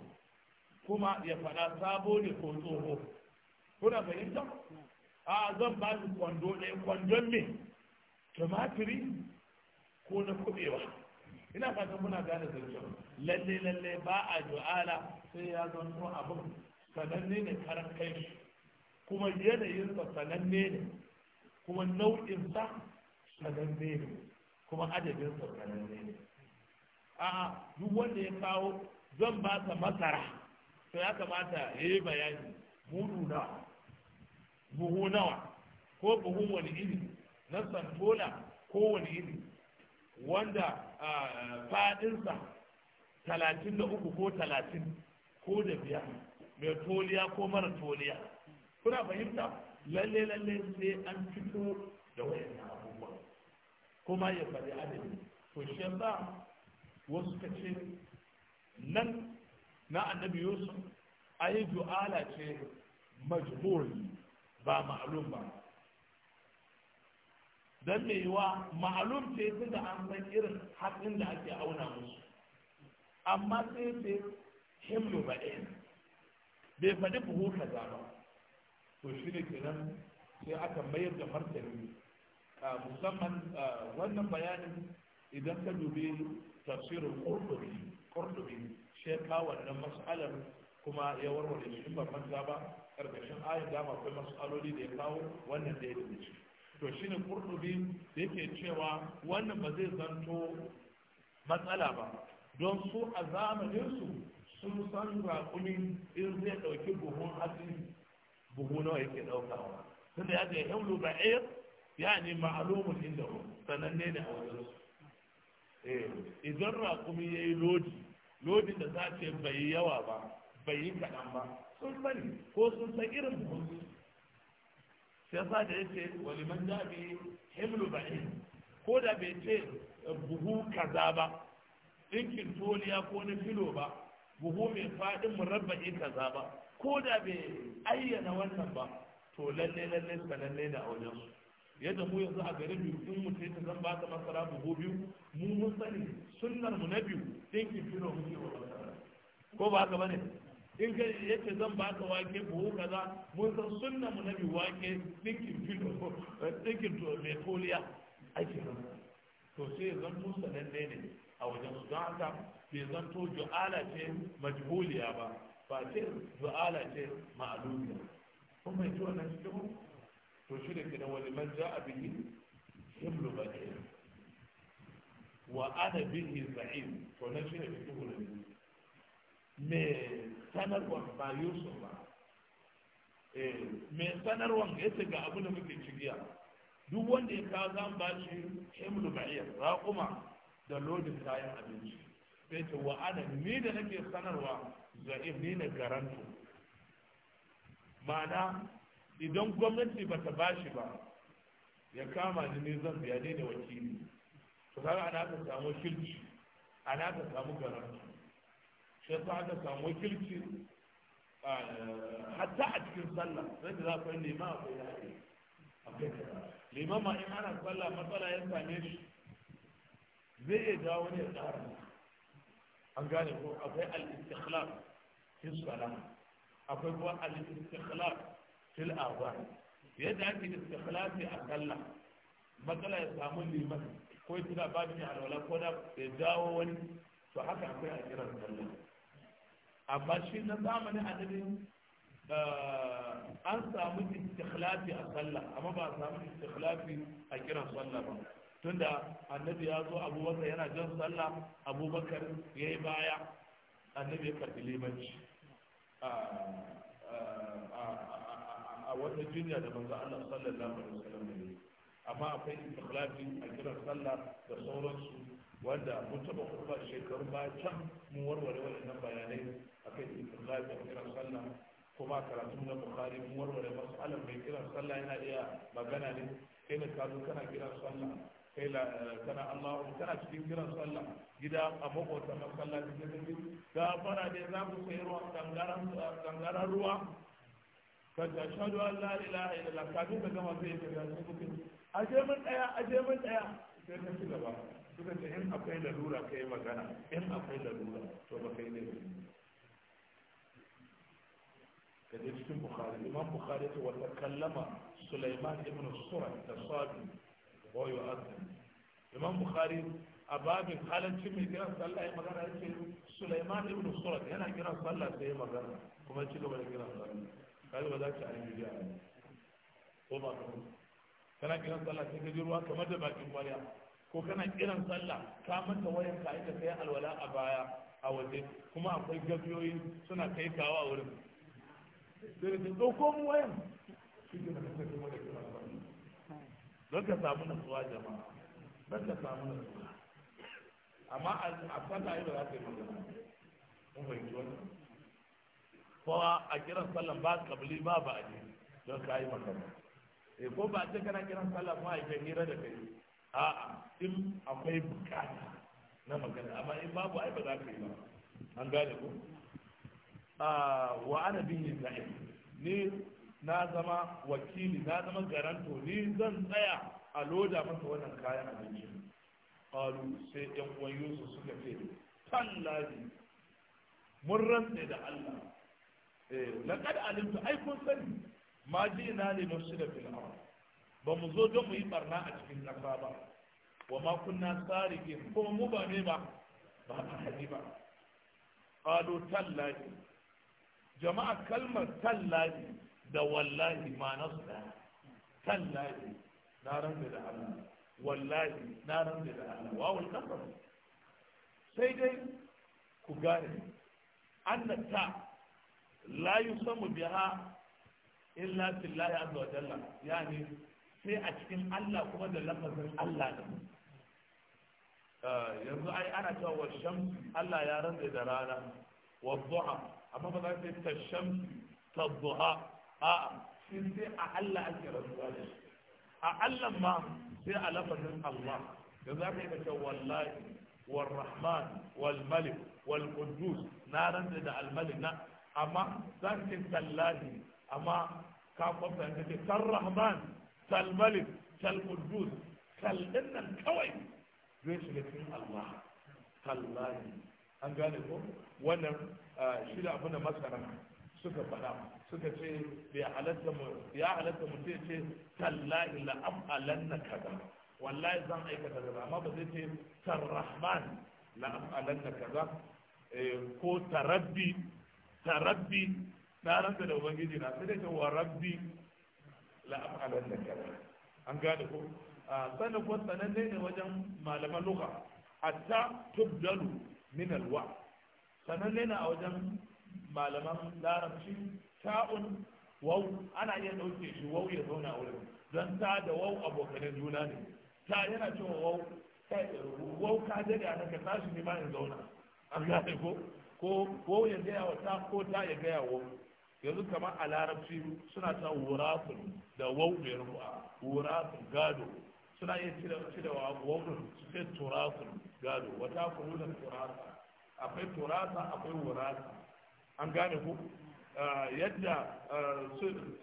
S1: kuma ya faɗa sabo ne ko tsoho kuna fahimta a zan ba su kwando ɗaya kwandon me tumatiri ko na kuɓewa ina fata muna gane zancen lalle lalle ba a ju'ala sai ya zanto abin sananne ne karan kai shi kuma sa sananne ne kuma nau'insa sananne ne kuma adadinsa sananne ne a'a duk wanda ya kawo zan ba sa masara to ya kamata ya yi bayani mudu nawa buhu nawa ko buhu wani iri na santola ko wani iri wanda fadinsa talatin da uku ko talatin ko da biyar mai toliya ko mara toliya kuna fahimta lalle lalle sai an fito da wayan abubuwa kuma ya faɗi adadi to shi ba wasu ka ce nan na annabi yusuf ai du'ala ce majhuli ba ma'alum ba dan me yiwa ma'alum ce tunda an san irin haɗin da ake auna musu amma sai ce himlu ba ɗaya bai faɗi buhu kaza ba to shi ne kenan sai aka mayar da martani musamman wannan bayanin idan ka dubi tafsirin ƙurɗubi sheka wannan mas'alar kuma ya warware shi babban gaba, karkashin ayin dama akwai mas'aloli da ya kawo wannan da ya dace to shine qurtubi da yake cewa wannan ba zai zanto matsala ba don su a zamaninsu su sun san raƙumi in zai ɗauki buhun hatsi buhu nawa yake ɗaukawa tunda ya ce ba, ba'ir yani ma'alumun inda sananne ne a wajen su eh, idan raƙumi ya yi lodi lodin da za ce bai yi yawa ba bai yi kaɗan ba sun sani ko sun san irin buhunsu sai sa da ya ce wani man jabi himlu ba'i ko da bai ce eh, buhu kaza ba ɗinkin toliya ko na filo ba buhu mai faɗin murabba'i kaza ba ko da bai ayyana wannan ba to lalle lalle lalle na aurensu yadda mu yanzu a garin biyu in mutum ta zan ba ta masara buhu biyu mu mun sani sunnar mu na biyu dinkin kilo mu ko ba ka bane in ka yace zan ba ka wake buhu kaza mun san sunnar mu na biyu wake rohun kilo ki to me toliya ake nan to sai zan mun sananne ne a wajen su don haka bai zan to ju'ala ce majhuliya ba ba ce ju'ala ce ma'alumiya kuma ita wannan cikin to shi da kenan wani man ja a bihi himlu ba ke wa ana bihi za'in to nan shi ne fitin ne me sanarwa ba yusuf ba eh, me sanarwa ya ce ga abu da muke cigiya duk wanda ya kawo zan ba shi himlu ba'ir raƙuma da lodin kayan abinci sai ce wa ana ni da nake sanarwa za'in ni na garanto ma'ana idan gwamnati ba ta bashi ba ya kama ni ne zan biya ne da wakili to kaga ana ka samu shirki ana ka samu garanti shi yasa aka samu wakilci hatta a cikin sallah sai da za ku yi nema akwai yaƙi akwai liman ma in ana sallah matsala ya same shi zai iya jawo ne ya tsara an gane ko akwai al-istikhlaf fi salah akwai kuma al-istikhlaf fil azan yadda ake istikhlafi a sallah matsala ya samu liman ko ya tuna ba mai alwala ko da ya jawo wani to haka akwai a kiran sallah amma shi na zamani a annabi eh, an samu istikhlafi a sallah amma ba a samu istikhlafi a kiran sallah ba tunda annabi ya zo abubakar yana jan sallah abubakar ya yi baya annabi ya karbi limanci ah, ah, ah, a wata jinya da manzo Allah sallallahu alaihi wasallam ne amma akwai ikhlafi a kiran sallah da sauransu wanda mun taba kuma shekaru ba can mun warware waɗannan bayanai akan ikhlafi a kiran sallah kuma karatun na bukhari mun warware mas'alar mai kiran sallah yana iya magana ne kai ne ka zo kana kiran sallah kai la kana Allah kana cikin kiran sallah gida a makwata masallaci da kake fara ne za mu sai ruwa kangaran ruwa kada shahadu an la ilaha illallah kafin ka gama sai ka ga sun kuke aje mun daya aje mun daya sai ka ci gaba suka ce in akwai lalura kai magana in akwai lalura to ba kai ne ka je cikin bukhari imam bukhari ce wa takallama sulaiman ibn sura tasabi wa yu'adhdhab imam bukhari a babin halarci mai kiran sallah ya magana ya ce sulaiman ibn surat yana kiran sallah sai ya magana kuma ci gaba da kiran sallah kaga ba za ka an bidiya ba ko ba ka kana kiran sallah sai ka ji ruwa kamar da bakin kwarya ko kana kiran sallah ka manta wayan ka aika kai alwala a baya a waje kuma akwai gafiyoyi suna kai kawo a wurin sai da ɗauko mu wayan shi ke da kasance da kira don ka samu nasuwa jama'a don ka samu nasuwa amma a sallah yau za ka yi magana mun fahimci wannan ko a kiran sallan ba kabli ba ba a don ka yi magana E ko ba ce kana kiran sallan ma a hira da kai a'a in akwai bukata na magana amma in babu ai ba za ka yi ba an gane ko wa ana bin yin za'i ni na zama wakili na zama garanto ni zan tsaya a loda masa wannan kayan abinci ƙalu sai ƴan uwan yusuf suka ce tallahi mun rantse da Allah
S3: Eh, laqad
S1: alimtu ai kun sani ma ji ne li nufsida fil ard ba mu zo don mu yi barna a cikin kasa ba wa ma kunna tsari sariqin ko mu ba ne ba ba hadi ba qalu tallahi jama'a kalmar tallahi da wallahi ma nasu tallahi na ranzu da Allah wallahi na ranzu da Allah wawul kasar sai dai ku gane an ta la yusamu biha illa billahi azza wa jalla yani sai a cikin Allah kuma da lafazin Allah ah, yanzu ai ana cewa wa Allah ya rantsa da rana wa duha amma ba za ka ta shamsi ta duha a'a shi sai a Allah ake rantsuwa da shi a Allah ma sai a lafazin Allah da za ka yi ce wallahi والرحمن والملك والقدوس نارا da الملك na amma za su ce amma ka kwafta ka ce san rahman sal malik sal kudus sal dinnan kawai zai shiga cikin allah tallahi. an gane ko wannan shi da abin da masana suka faɗa suka ce bai halatta mu ya halatta mu sai ce tallahi la af'alanna kaza wallahi zan aikata kaza amma ba zai ce tarrahman la af'alanna kaza eh, ko tarabbi ta rabbi na ranta da ubangiji na sai dai wa rabbi la af'alan da kaza an gane ko sannan ko sanan ne wajen malaman lugha hatta tubdalu min alwa sananne na a wajen malaman larabci ta'un wau ana iya ɗauke shi wau ya zauna wurin don ta da wau abokanin juna ne ta yana cewa wau wau ka daga ka tashi ne ba in zauna an gane ko ko ko ya gaya wa ta ko ta ya gaya wa yanzu kamar a larabci suna ta wurafin da wauɗin ruwa wurafin gado suna iya cire da wauɗin su ce turafin gado wata kuma da turasa akwai turasa akwai wurafa an gane ku ah, yadda ah,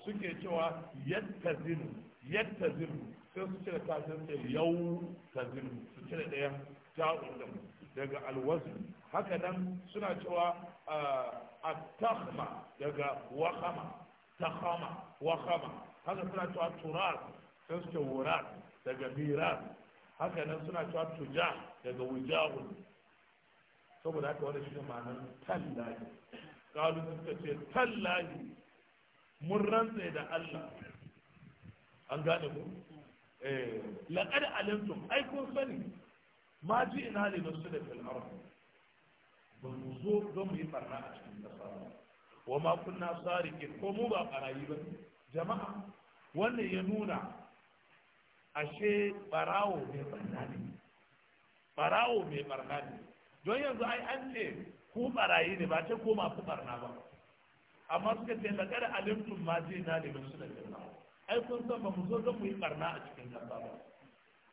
S1: suke cewa yadda zinu yadda zinu sai su cire ta sai yau ta zinu su cire ɗaya ta'un daga alwazin. haka nan suna cewa ah, at-takhma daga wahama takhama wahama haka suna cewa Turar, sai suke wurat daga mirat haka nan suna cewa tuja daga wujahun saboda haka wani shi ma'anar tallahi kalu suka ce tallahi mun rantse da Allah an gane ku eh laqad alimtum ai kun sani ma ji ina li nusul fil ardh ba mu zo don mu yi barna a cikin ƙasa ba wa ma kunna sariqin ko mu ba barayi ba jama'a wannan ya nuna ashe barawo mai barna ne barawo mai barna ne don yanzu ai an ce ku barayi ne ba ce ko masu barna ba amma suka ce kada alimtum ma zai na ne da jirna ai kun san ba mu zo don mu yi barna a cikin ƙasa ba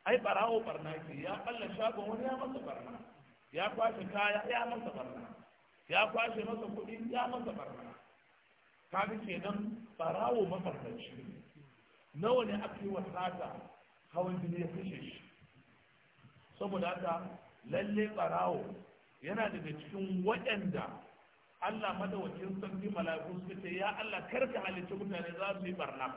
S1: ai barawo barna ke ya balla shagon wani ya masa barna ya kwashe kaya ya masa barna ya kwashe masa kuɗi ya masa barna kaga kenan barawo mafarkaci nawa ne aka yi wa hawan jini ya kashe shi saboda haka lalle barawo yana daga cikin waɗanda Allah madawacin sarki mala'iku suka ce ya Allah karka halicci mutane za su yi barna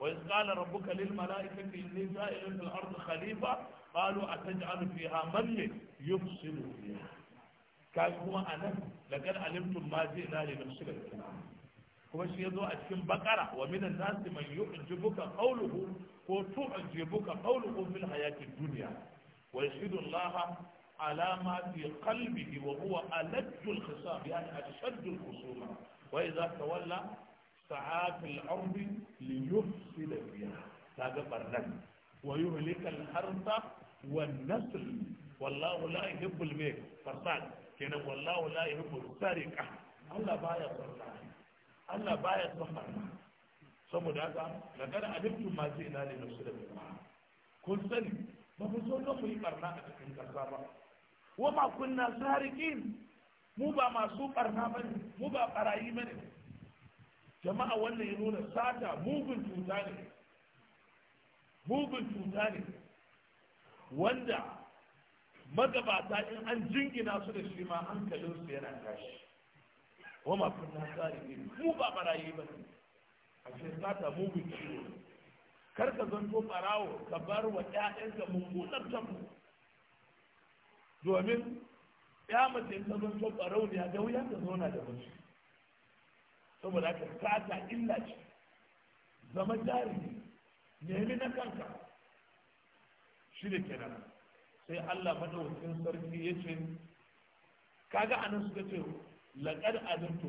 S1: wa iz qala rabbuka lil mala'ikati inni ja'ilun fil ardi khalifa قالوا أتجعل فيها من يفصل فيها قال هو أنا لقد علمت ما جئنا لنفصل الكلام هو شيء يدعو أتكم بقرة ومن الناس من يعجبك قوله وتعجبك قوله في الحياة الدنيا ويشهد الله على ما في قلبه وهو ألد الخصام يعني أشد الخصومة وإذا تولى سعى في الأرض ليفصل فيها هذا برنامج ويهلك الحرث wan nasr wallahu la yuhibbul mai farsad kenan wallahu la yuhibbul sariqa Allah baya son Allah baya son barna saboda haka daga da adibtu ma ina ne nafsu da barna kun sani ba mu zo don mu yi barna a cikin ƙasa ba wa ma kunna sariqin mu ba masu barna ba ne mu ba barayi ba ne jama'a wannan ya nuna sata mugun mugun cuta ne wanda magabata in an jingina su da shi ma hankalinsu yana tashi wa ma kunna zalimin mu ba barayi ba ne a ce sata mugun ciwo kar ka zanto barawo ka bar wa ƴaƴanka ta mu domin ya mace ta zanto barau ne da wuya ta zauna da mace saboda haka sata illa ce zama jari nemi na kanka shi da kenan sai Allah madaukakin sarki ya ce kaga anan suka ce laqad alimtu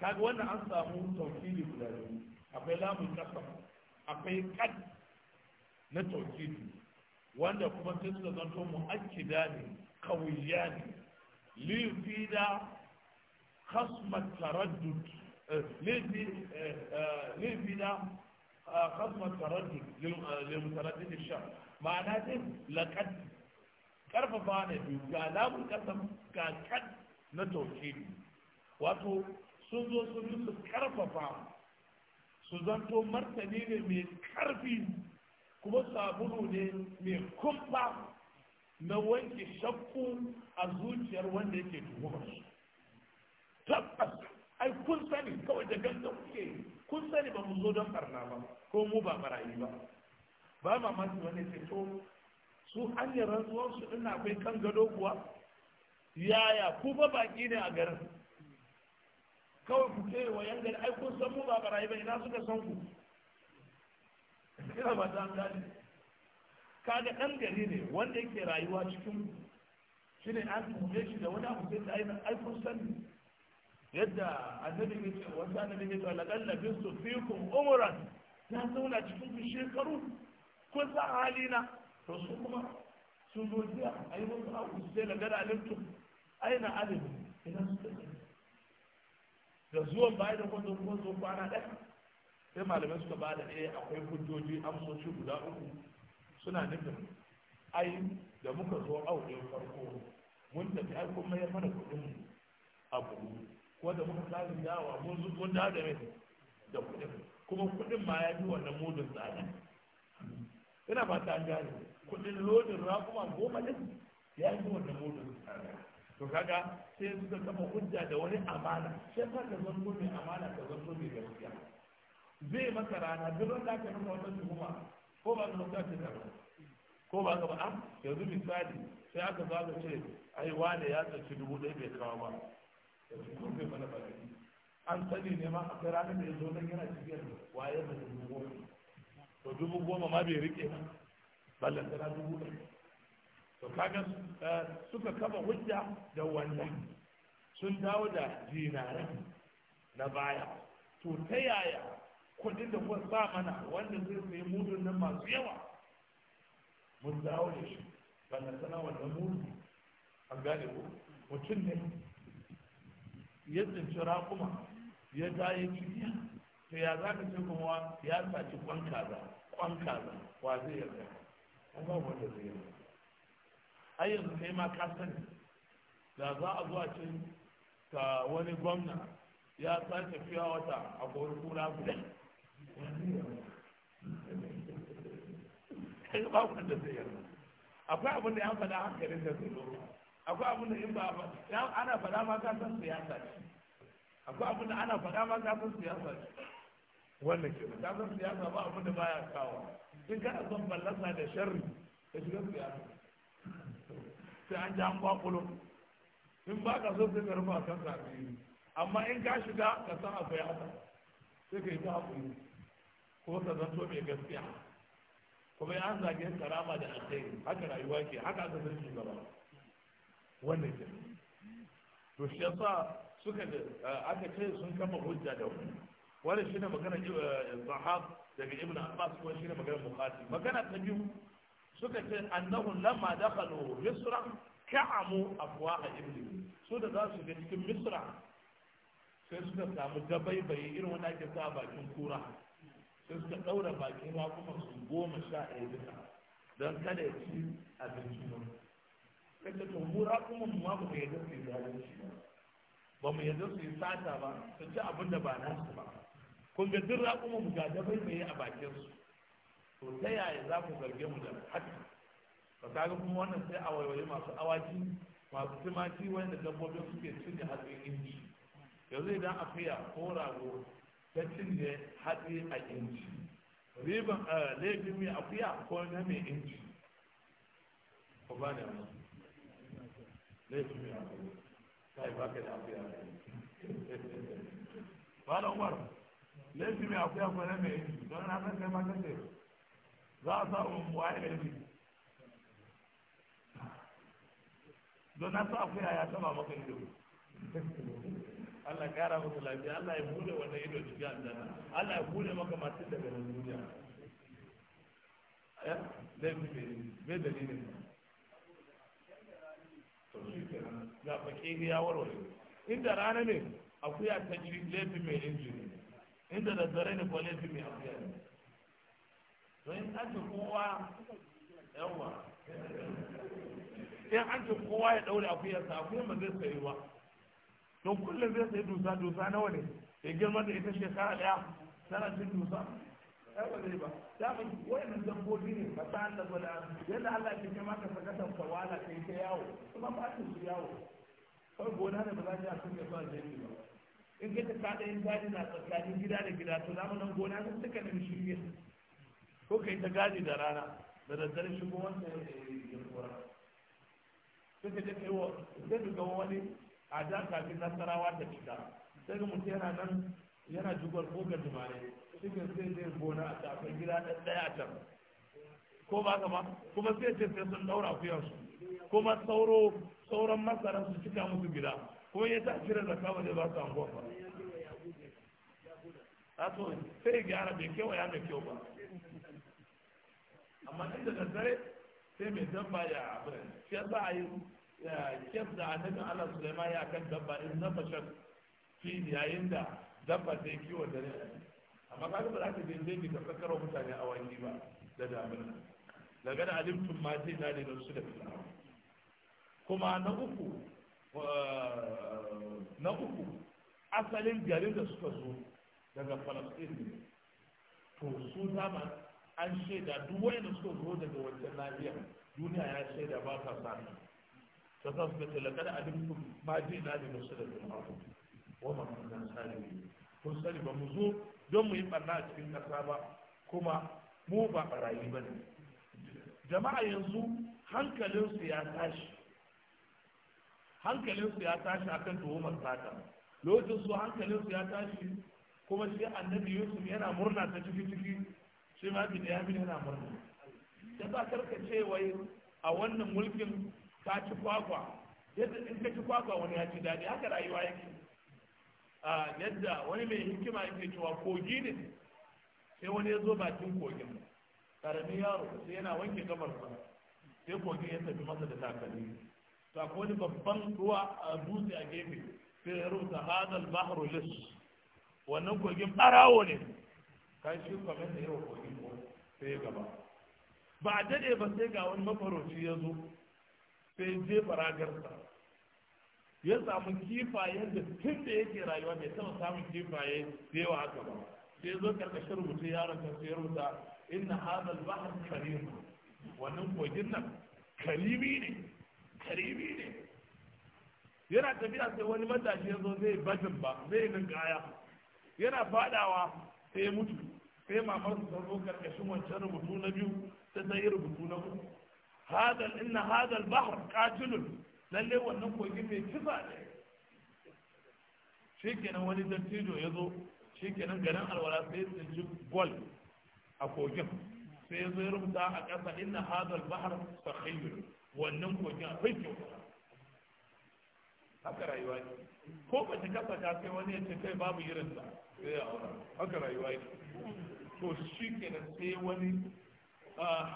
S1: kaga wannan an samu tawkili guda biyu akwai lamun kasam akwai kad na tawkili wanda kuma sai suka zanto mu'akkida ne kawiyya ne liyufida khasmat taraddud eh, eh, eh, liyufida khasmat taraddud lil mutaraddid shar ma'ana din laqad ƙarfafa ne biyu ga lamun kasam ga kad na tauhidi wato sun zo sun su ƙarfafa, su zanto martani ne mai karfi kuma sabulu ne mai kumfa na wanke shakku a zuciyar wanda yake tuhumar tabbas ai kun sani kawai da gangan kuke kun sani ba mu zo don barna ba ko mu ba barayi ba ba mamaki wani fito to su hanyar rantsuwarsu ina akwai kan gado kuwa yaya ku ba baki ne a garin kawai ku ce wa yan gani ai kun san mu ba barayi ba ina suka san ku ina ba ta gani kaga dan gari ne wanda yake rayuwa cikin shi ne an tume shi da wani abu sai da ainihin ai kun san yadda annabi ya ce wata annabi ya ce laqalla bisu fikum umran ta zauna cikin shekaru kun halina to su kuma su zo jiya a yi wasu abu su sai lagar alimtum aina alim idan su tsaye da zuwan bayan da kwanzo kuma zo kwana ɗaya sai malamai suka ba da ɗaya eh, akwai hujjoji amsoshi guda uku suna nufin ai da muka zo aure farko mun tafi ai kuma ya mana kuɗin mu a ko da muka tsarin yawa mun zo mun da mai da kuɗin kuma kuɗin ma ya fi wannan mudun tsada ina ba ta gane kudin lodin rakuma goma din ya yi wannan lodin to kaga sai suka kafa hujja da wani amana sai ka ka zanto mai amana ka zanto mai gaskiya zai maka rana duk wanda da ka nuna wata tuhuma ko ba ka nuna ta ba ko ba ka ba a ah, yanzu misali sai aka zo aka ce ai wane ya tsaci dubu ɗaya bai kawo ba ko bai mana ba an sani ne ma kai ranar da ya zo nan yana cikin wayar da dubu goma to dubu goma ma bai rike ba ballan tana dubu ɗari to kaga eh, suka kafa hujja da wannan sun dawo da dinaran na baya to ta yaya kudin da kuwa sa mana wanda zai sayi mudun nan masu yawa mun dawo da shi ballan tana wannan mudu an gane ko mutum ne ya tsinci raƙuma ya daye cikiya to ya za ka ce kuma ya saci kwan kaza kwan kaza wa zai yarda an ba wanda zai yarda ai yanzu kai ma ka sani da za a zuwa ce ka wani gwamna ya sace fiya wata a kori kura guda kai ba wanda zai yarda akwai abin da ya faɗa hankalin da zai zo akwai abin da in ba ana faɗa ma ka san siyasa ce akwai abin da ana faɗa ma ka san siyasa ce wannan ke da san siyasa ba abin da baya kawo in ka son ballasa da sharri da shiga siyasa sai an ja an kwakulo in ba ka so sai ka rufa kan sami amma in ka shiga ka san akwai haka sai ka yi ta hakuri ko ka to mai gaskiya kuma an zage karama da alkhairi haka rayuwa ke haka aka san gaba wannan ke to shi yasa suka aka ce sun kama hujja da wani wannan shine magana eh, zahab daga ibn abbas ko shine magana bukhari magana ta biyu suka ce annahu lamma dakhalu misra ka'amu afwaha iblis su da za su ga cikin misra sai suka samu bai irin wanda ake sa bakin kura sai suka daura bakin kuma su goma sha yi bisa don kada ya ci abinci ba sai ta kura kuma mu ma ba mu yarda su yi zalunci ba ba mu yadda su yi sata ba su ci abin da ba nasu ba kun ga duk raƙumin mu ga dabai mai a bakin su to ta yaya za ku zarge mu da haka ba ka ga kuma wannan sai a masu awaki masu tumaki wanda dabbobin suke da hatsi inji yanzu idan fiya ko rago ta cinye hatsi a inji riban eh, laifin mai akuya ko na mai inji ko ba da mu laifin mai akuya kai ba ka da akuya ba da umar laifi mai akuya ko na mai don na san kai ma kace za a sa unguwa ya yanki don na sa akuya ya taba maka ido Allah kara maka lafiya Allah ya bude wannan ido cikin aljanna Allah ya bude maka masu daga nan duniya laifi mai mai dalilin to shi kenan ya ya warware inda rana ne akuya ta jirgin laifi mai injini inda da dare ne ko laifi mai afiya ne don in an kowa yawa in an ce kowa ya daure akuyarsa akuyar ma zai sayi ba don kullum zai sayi dusa dusa nawa ne ya girma da ita shekara daya tana cin dusa ai ba zai ba da nan wayannan dabbobi ne ka ta da bala yadda Allah ke ya kike maka sakatan kawala kai ta yawo kuma ba ta su yawo kai gona ne ba za ta yi a cikin ba in ka ta kada yin gadi na tsakanin gida da gida to nan gona sun suka nemi shirye ko kai ta gadi da rana da daddare shi, ko wanda ya yi kora sai ka je kai wa sai ga wani a da kafin nasarawa ta cika sai ga mutum yana nan yana jugar ko ga jimare cikin sai zai gona a tafin gida ɗaya a can ko ba ka ba kuma sai ce sai sun daura kuyansu kuma sauro sauran masara su cika musu gida ko ya ta cire zakka kawo da ba su anguwa ba a to sai gyara bai kewaya mai kyau ba amma inda da dare sai mai dabba ya abin shi yasa a yi eh, kef da annabi Allah Sulaiman ya kan dabba in na fashar fi yayin da dabba ta yi kiwon dare amma kaga ba za ka je zai ka kakkaro mutane a wani ba da damina daga da alimtum ma zai na da su da filawa kuma na uku na uku asalin garin da suka zo daga falastin to su dama an shaida duk wayanda suka zo daga wancan lafiya duniya ya shaida ba ta sami ta sa suka ce abin su ma ji na da musu da jama'a wa ma mun sani kun sani ba mu zo don mu yi barna a cikin kasa ba kuma mu ba barayi ba ne jama'a yanzu hankalinsu ya tashi hankalinsu ya tashi akan tuhumar sata lokacin su hankalinsu ya tashi kuma shi annabi yusuf yana murna ta ciki ciki shi ma bin yamin yana murna ya sa karka ce wai a wannan mulkin ka ci kwakwa yadda in ka ci kwakwa wani ya ci daɗi haka rayuwa yake yadda wani mai hikima yake cewa kogi ne sai wani ya zo bakin kogin karamin yaro sai yana wanke gabar sa sai kogin ya tafi masa da takalmi to akwai wani babban ruwa a dutse a gefe sai ya rubuta hadal bahru lis wannan kogin barawo ne kai shi kamar da yawa kogin ko sai ya gaba ba a dade ba sai ga wani mafaroci ya zo sai ya je sa ya samu kifayen da tun da yake rayuwa bai taba samun kifaye da yawa haka ba sai ya zo karkashin rubutu yaron kan sai ya rubuta inna hadal bahru karim wannan kogin nan karimi ne karimi ne yana tafiya sai wani matashi ya zo zai bajin ba zai nan kaya yana fadawa sai mutu sai mamar su zo karkashin wancan rubutu na biyu ta yi rubutu na uku hadal inna hadal bahar qatilun lalle wannan kogi mai kisa ne shikenan wani dattijo ya zo shikenan garin alwala sai ya tsinci gol a kogin sai ya zo ya rubuta a ƙasa inna hadal bahar sakhiyun wannan kogin akwai kyau haka rayuwa ne ko ba ta kafa ta sai wani ya ce kai babu irin ba sai ya aura haka rayuwa ne to shi kenan sai wani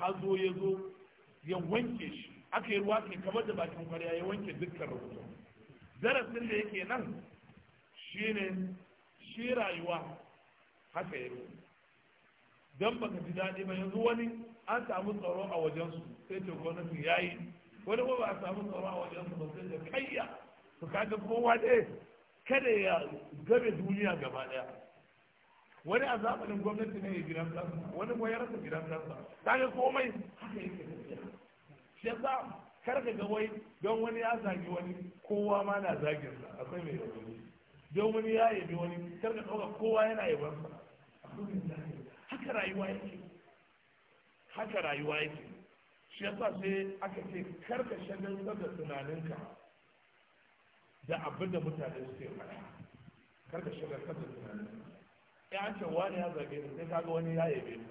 S1: hazo ya zo ya wanke shi aka yi ruwa ke kamar da bakin kwarya ya wanke dukkan rubutu darasin da yake nan shine shi rayuwa haka ya rubuta Don baka ji daɗi ba yanzu wani an samu tsaro a wajensu sai ce gwamnati ya yi wani ba a samu tsaro a wajensu ba sai ce kayya su kaga kowa ne kada ya gabe duniya gaba ɗaya. wani a zamanin gwamnati ne ya gidan kansa wani kuma ya rasa gidan kansa kaga komai haka yake shi yasa kar ka ga wai don wani ya zagi wani kowa ma na zagin sa akwai mai yabo don wani ya yabi wani kar ka ɗauka kowa yana yabon sa akwai mai haka rayuwa yake haka rayuwa yake shi yasa sai aka ce karka shagaltar da tunaninka da abin da mutane suke faɗa karka shagaltar da tunaninka ya ce wani ya zage ni sai kaga wani ya yabe ni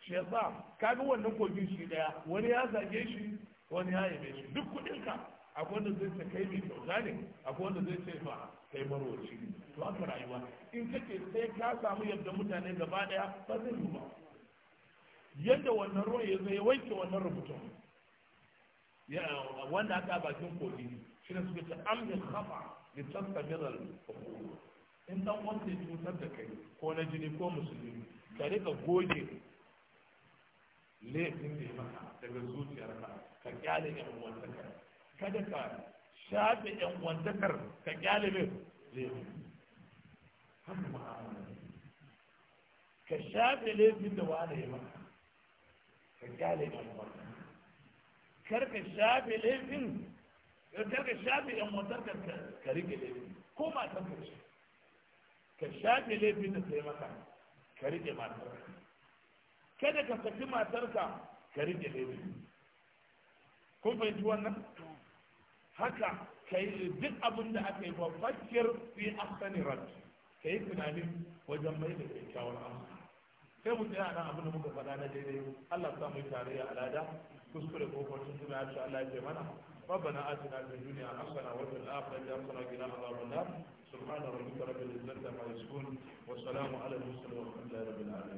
S1: shi yasa kaga wannan kogin shi daya wani ya zage shi wani ya yabe shi duk kudin ka. akwai wanda zai ce kai mai kyauta ne akwai wanda zai ce ma kai marwaci ne to haka rayuwa in kake sai ka samu yadda mutane gaba daya ba zai yi ba yadda wannan ruwan ya zai wanke wannan rubutun wanda aka bakin koli shi ne suka ce amgin hafa da tattabirar in dan wanda ya cutar da kai ko na jini ko musulmi ka rika goge laifin da ya maka daga zuciyarka ka kyale yan uwan ka kada ka shafe yan wanzakar ka kyale mai ka shafe laifin da wani ya maka ka kyale yan wanzakar kar ka shafe laifin kar ka shafe yan wanzakar ka rike laifin ko matan ka ce ka shafe laifin da sai maka ka rike matar kada ka saki matarka ka rike laifin kun fahimci wannan haka kai duk abin da aka yi fa fakir fi ahsani ka yi tunanin wajen mai da kyakkyawar amsa sai mu tsaya nan abin da muka faɗa na daidai Allah ya samu ya alada kuskure ko kwacin suna ya Allah ya ce mana ربنا آتنا في الدنيا حسنة وفي الآخرة حسنة وقنا عذاب النار سبحان ربك رب العزة عما يصفون وسلام على المرسلين والحمد لله رب العالمين